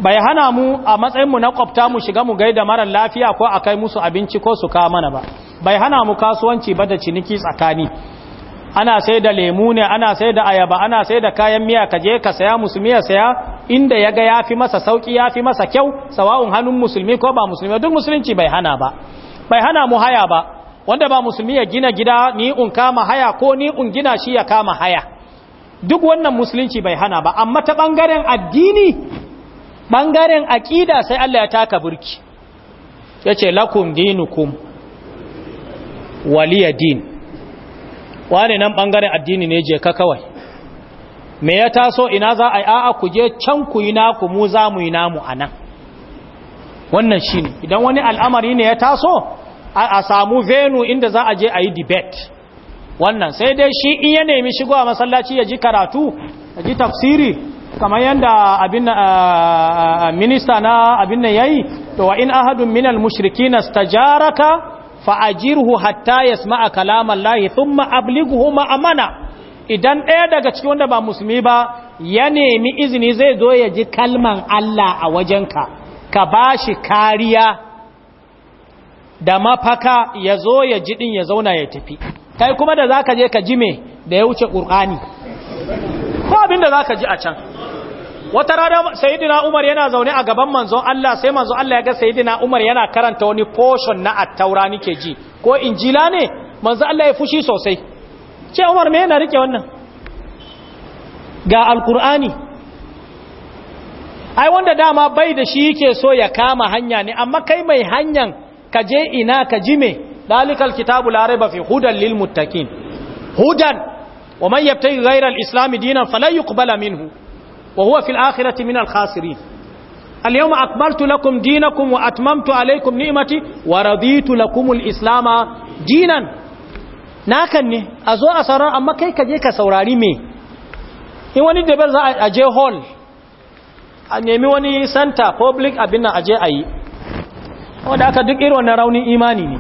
bai hana mu a matsayin mu na kwafta mu shiga mu gaida mara lafiya ko a kai musu abinci ko su kawo mana ba bai hana mu kasuwanci ba da ciniki tsakani ana sai da lemu ne ana sai da ayaba ana sai da kayan miya ka je ka saya musulmi ya saya inda ya ga ya fi masa sauki ya fi masa kyau sawa'un hannun musulmi ko ba musulmi duk musulunci bai hana ba bai hana mu haya ba wanda ba musulmi ya gina gida ni in kama haya ko ni in gina shi ya kama haya duk wannan musulunci bai hana ba amma ta ɓangaren addini ɓangaren aƙida sai Allah ya taka burki ya ce lakum dinukum waliya din wani nan ɓangaren addini ne je ka kawai me ya taso ina za a yi a'a ku je can ku yi naku mu za mu yi namu a nan wannan shi ne idan wani al'amari ne ya taso a samu venu inda za a je a yi debate wannan sai dai shi in ya nemi shigo a masallaci ya ji karatu ya ji tafsiri kamar yadda eh, eh, minista na abin nan yayi to wa in ahadun minal mushrikin istajaraka fa fa'ajirhu hatta yasma'a a kalaman thumma sun ma amana idan ɗaya daga cikin wanda ba musulmi ba ya nemi izini zai zo ya ji kalman Allah a wajenka ka bashi kariya da mafaka ya zo ya ji din ya zauna ya tafi kai kuma da za ka je ka ji me da ya wuce Kur'ani. ko abin da za ka ji a can wata rana sayidina umar yana zaune a gaban manzon Allah sai manzon Allah ya ga sayidina umar yana karanta wani portion na attaura nike ji ko injila ne manzon Allah ya fushi sosai ce umar me yana rike wannan ga alkur'ani ai wanda dama bai da shi yake so ya kama hanya ne amma kai mai hanyan ka je ina ka ji me dalikal kitabu la fi hudan lil muttaqin hudan wa man yabtaghi ghayra al-islam dinan falan yuqbala minhu wa huwa fil akhirati min al-khasirin اليوم أكملت لكم دينكم nimati عليكم نعمتي ورضيت لكم الإسلام Dinan nakan ne a zo a sauran amma kai ka je ka saurari me in wani dabar za a je hall a nemi wani center public abin nan a je a yi wanda aka duk irin wannan raunin imani ne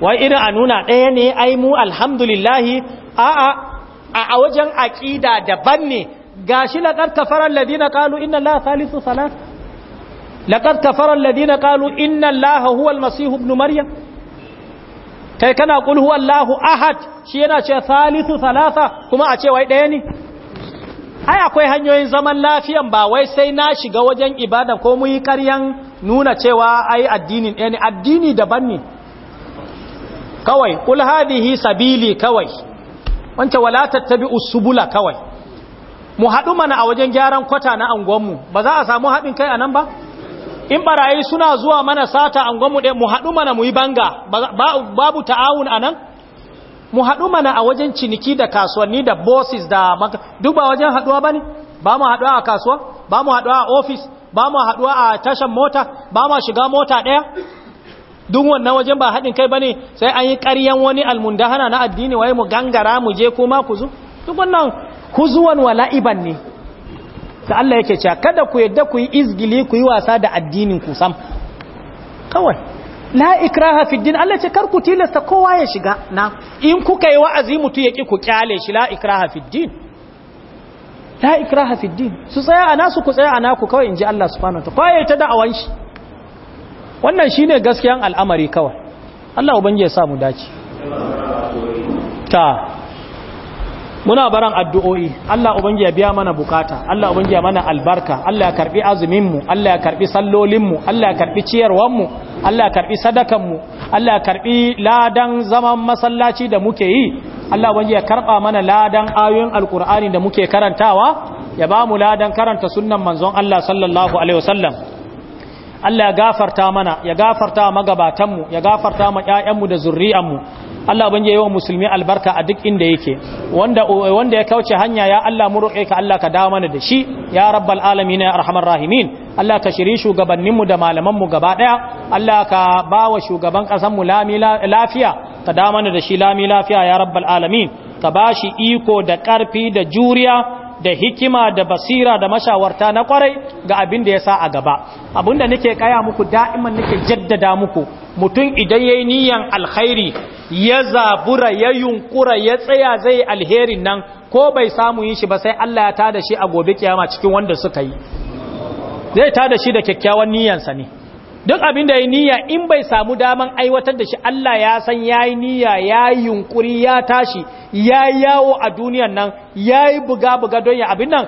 wai irin a nuna ɗaya ne ai mu alhamdulillahi a'a a wajen aƙida daban ne gashi laqad kafara alladhina qalu inna inna allaha huwa almasih maryam kai kana qul huwa ahad shi yana ce salisu salasa kuma a ce wai daya ne ai akwai hanyoyin zaman lafiyan ba wai sai na shiga wajen ibada ko muyi karyan nuna cewa ai addinin ɗaya ne addini daban ne kawai ƙul hadihi sabili kawai wancan wala tattabi usubula kawai mu haɗu mana a wajen gyaran kwata na angonmu ba za a samu haɗin kai a nan ba in barayi suna zuwa mana sata angonmu ɗaya mu haɗu mana mu yi banga babu ta'awun a nan mu haɗu mana a wajen ciniki da kasuwanni da bosses da duk ba wajen haɗuwa ba ne ba mu haɗuwa a kasuwa ba mu haɗuwa a ofis ba mu haɗuwa a tashan mota ba mu shiga mota ɗaya duk wannan wajen ba haɗin kai bane sai an yi ƙaryan wani almundahana na addini wai mu gangara mu je kuma ku zu duk wannan wala iban ne da Allah yake cewa kada ku yadda ku yi izgili ku yi wasa da addinin ku sam kawai la ikraha fi din Allah ce kar ku tilasta kowa ya shiga na in kuka yi wa'azi mutu yake ku kyale shi la ikraha fi din la ikraha fi din su tsaya a su ku tsaya a ku kawai inji Allah subhanahu wa ta'ala kwaye ta da'awan shi wannan shine gaskiyan al'amari kawai Allah ubangi ya samu dace ta muna baran addu'o'i Allah ubangi ya biya mana bukata Allah ubangi ya mana albarka Allah ya karbi azumin mu Allah ya karbi sallolin mu Allah ya karbi ciyarwan mu Allah ya karbi sadakan mu Allah ya karbi ladan zaman masallaci da muke yi Allah ubangi ya karba mana ladan ayoyin alkur'ani da muke karantawa ya ba mu ladan karanta sunnan manzon Allah sallallahu alaihi wasallam Allah ya gafarta mana ya gafarta magabatanmu ya gafarta ma ƴaƴanmu da zurri'anmu Allah ban yi wa musulmi albarka a duk inda yake wanda wanda ya kauce hanya ya Allah mu roƙe ka Allah ka dawo mana da shi ya rabbal alamin ya arhamar rahimin Allah ka shiri shugabanninmu da malamanmu gaba daya Allah ka bawa shugaban ƙasarmu lami lafiya ka dawo mana da shi lami lafiya ya rabbal alamin ka bashi iko da ƙarfi da juriya da hikima da basira da mashawarta na kwarai ga abin da ya sa a gaba da nake kaya muku da'iman nake jaddada muku mutum idan yayi niyan alkhairi ya zabura ya yunkura ya tsaya zai alherin nan ko bai samu yin shi ba sai Allah ya tada shi a gobe kiyama cikin wanda suka yi zai tada shi da kyakkyawan sa ne duk abin da ya niyya in bai samu daman aiwatar da shi Allah ya san ya yi niyya ya yi yunkuri ya tashi ya yi yawo a duniyan nan ya yi buga-buga don ya abin nan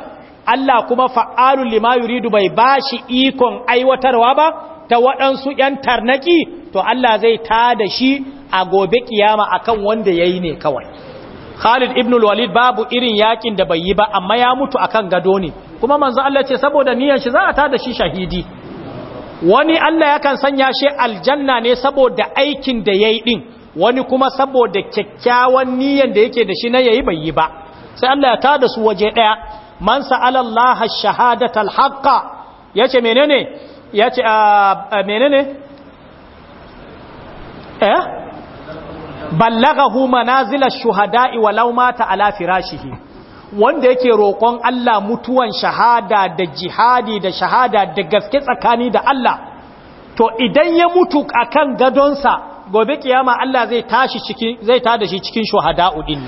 Allah kuma fa'alu lima bai ba shi ikon aiwatarwa ba ta waɗansu ‘yan tarnaki to Allah zai ta da shi a gobe kiyama kan wanda ya yi ne kawai Khalid ibn walid babu irin yakin da bai yi ba amma ya mutu akan gado ne kuma manzo Allah ce saboda niyyar shi za a ta da shi shahidi wani Allah yakan sanya shi aljanna ne saboda aikin da yayi din wani kuma saboda kyakkyawan niyan da yake da shi na yayi bai yi ba sai Allah ya da su waje daya man sa'ala Allah shahadatal haqqa yace menene yace ah, ah, menene eh ballaghahu manazil shuhadai walau mata ala firashihi wanda yake roƙon Allah mutuwan shahada da jihadi da shahada da gaske tsakani da Allah to idan ya mutu akan gadonsa gobe kiyama Allah zai tashi cikin zai tada shi cikin shuhada'u din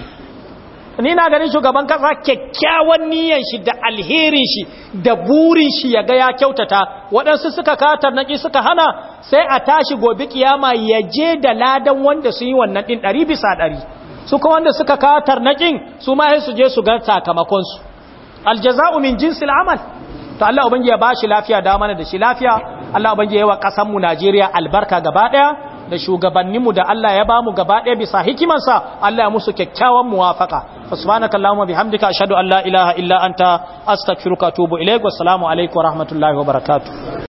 ni na ganin shugaban kasa kyakkyawan niyyar shi da alherin shi da burin shi ya ga ya kyautata waɗansu suka katar naki suka hana sai a tashi gobe kiyama ya je da ladan wanda sun yi wannan din ɗari bisa ɗari su kuma wanda suka kawo tarnaƙin su ma su je su ga sakamakonsu aljaza'u min jinsil amal to Allah ubangi ya bashi lafiya da mana da shi lafiya Allah ubangi ya wa mu Najeriya albarka gaba ɗaya da shugabanninmu da Allah ya bamu gaba ɗaya bisa hikimansa Allah ya musu kyakkyawan muwafaka wa bihamdika ashhadu an la ilaha illa anta astaghfiruka wa atubu ilaik wassalamu alaikum wa rahmatullahi wa barakatuh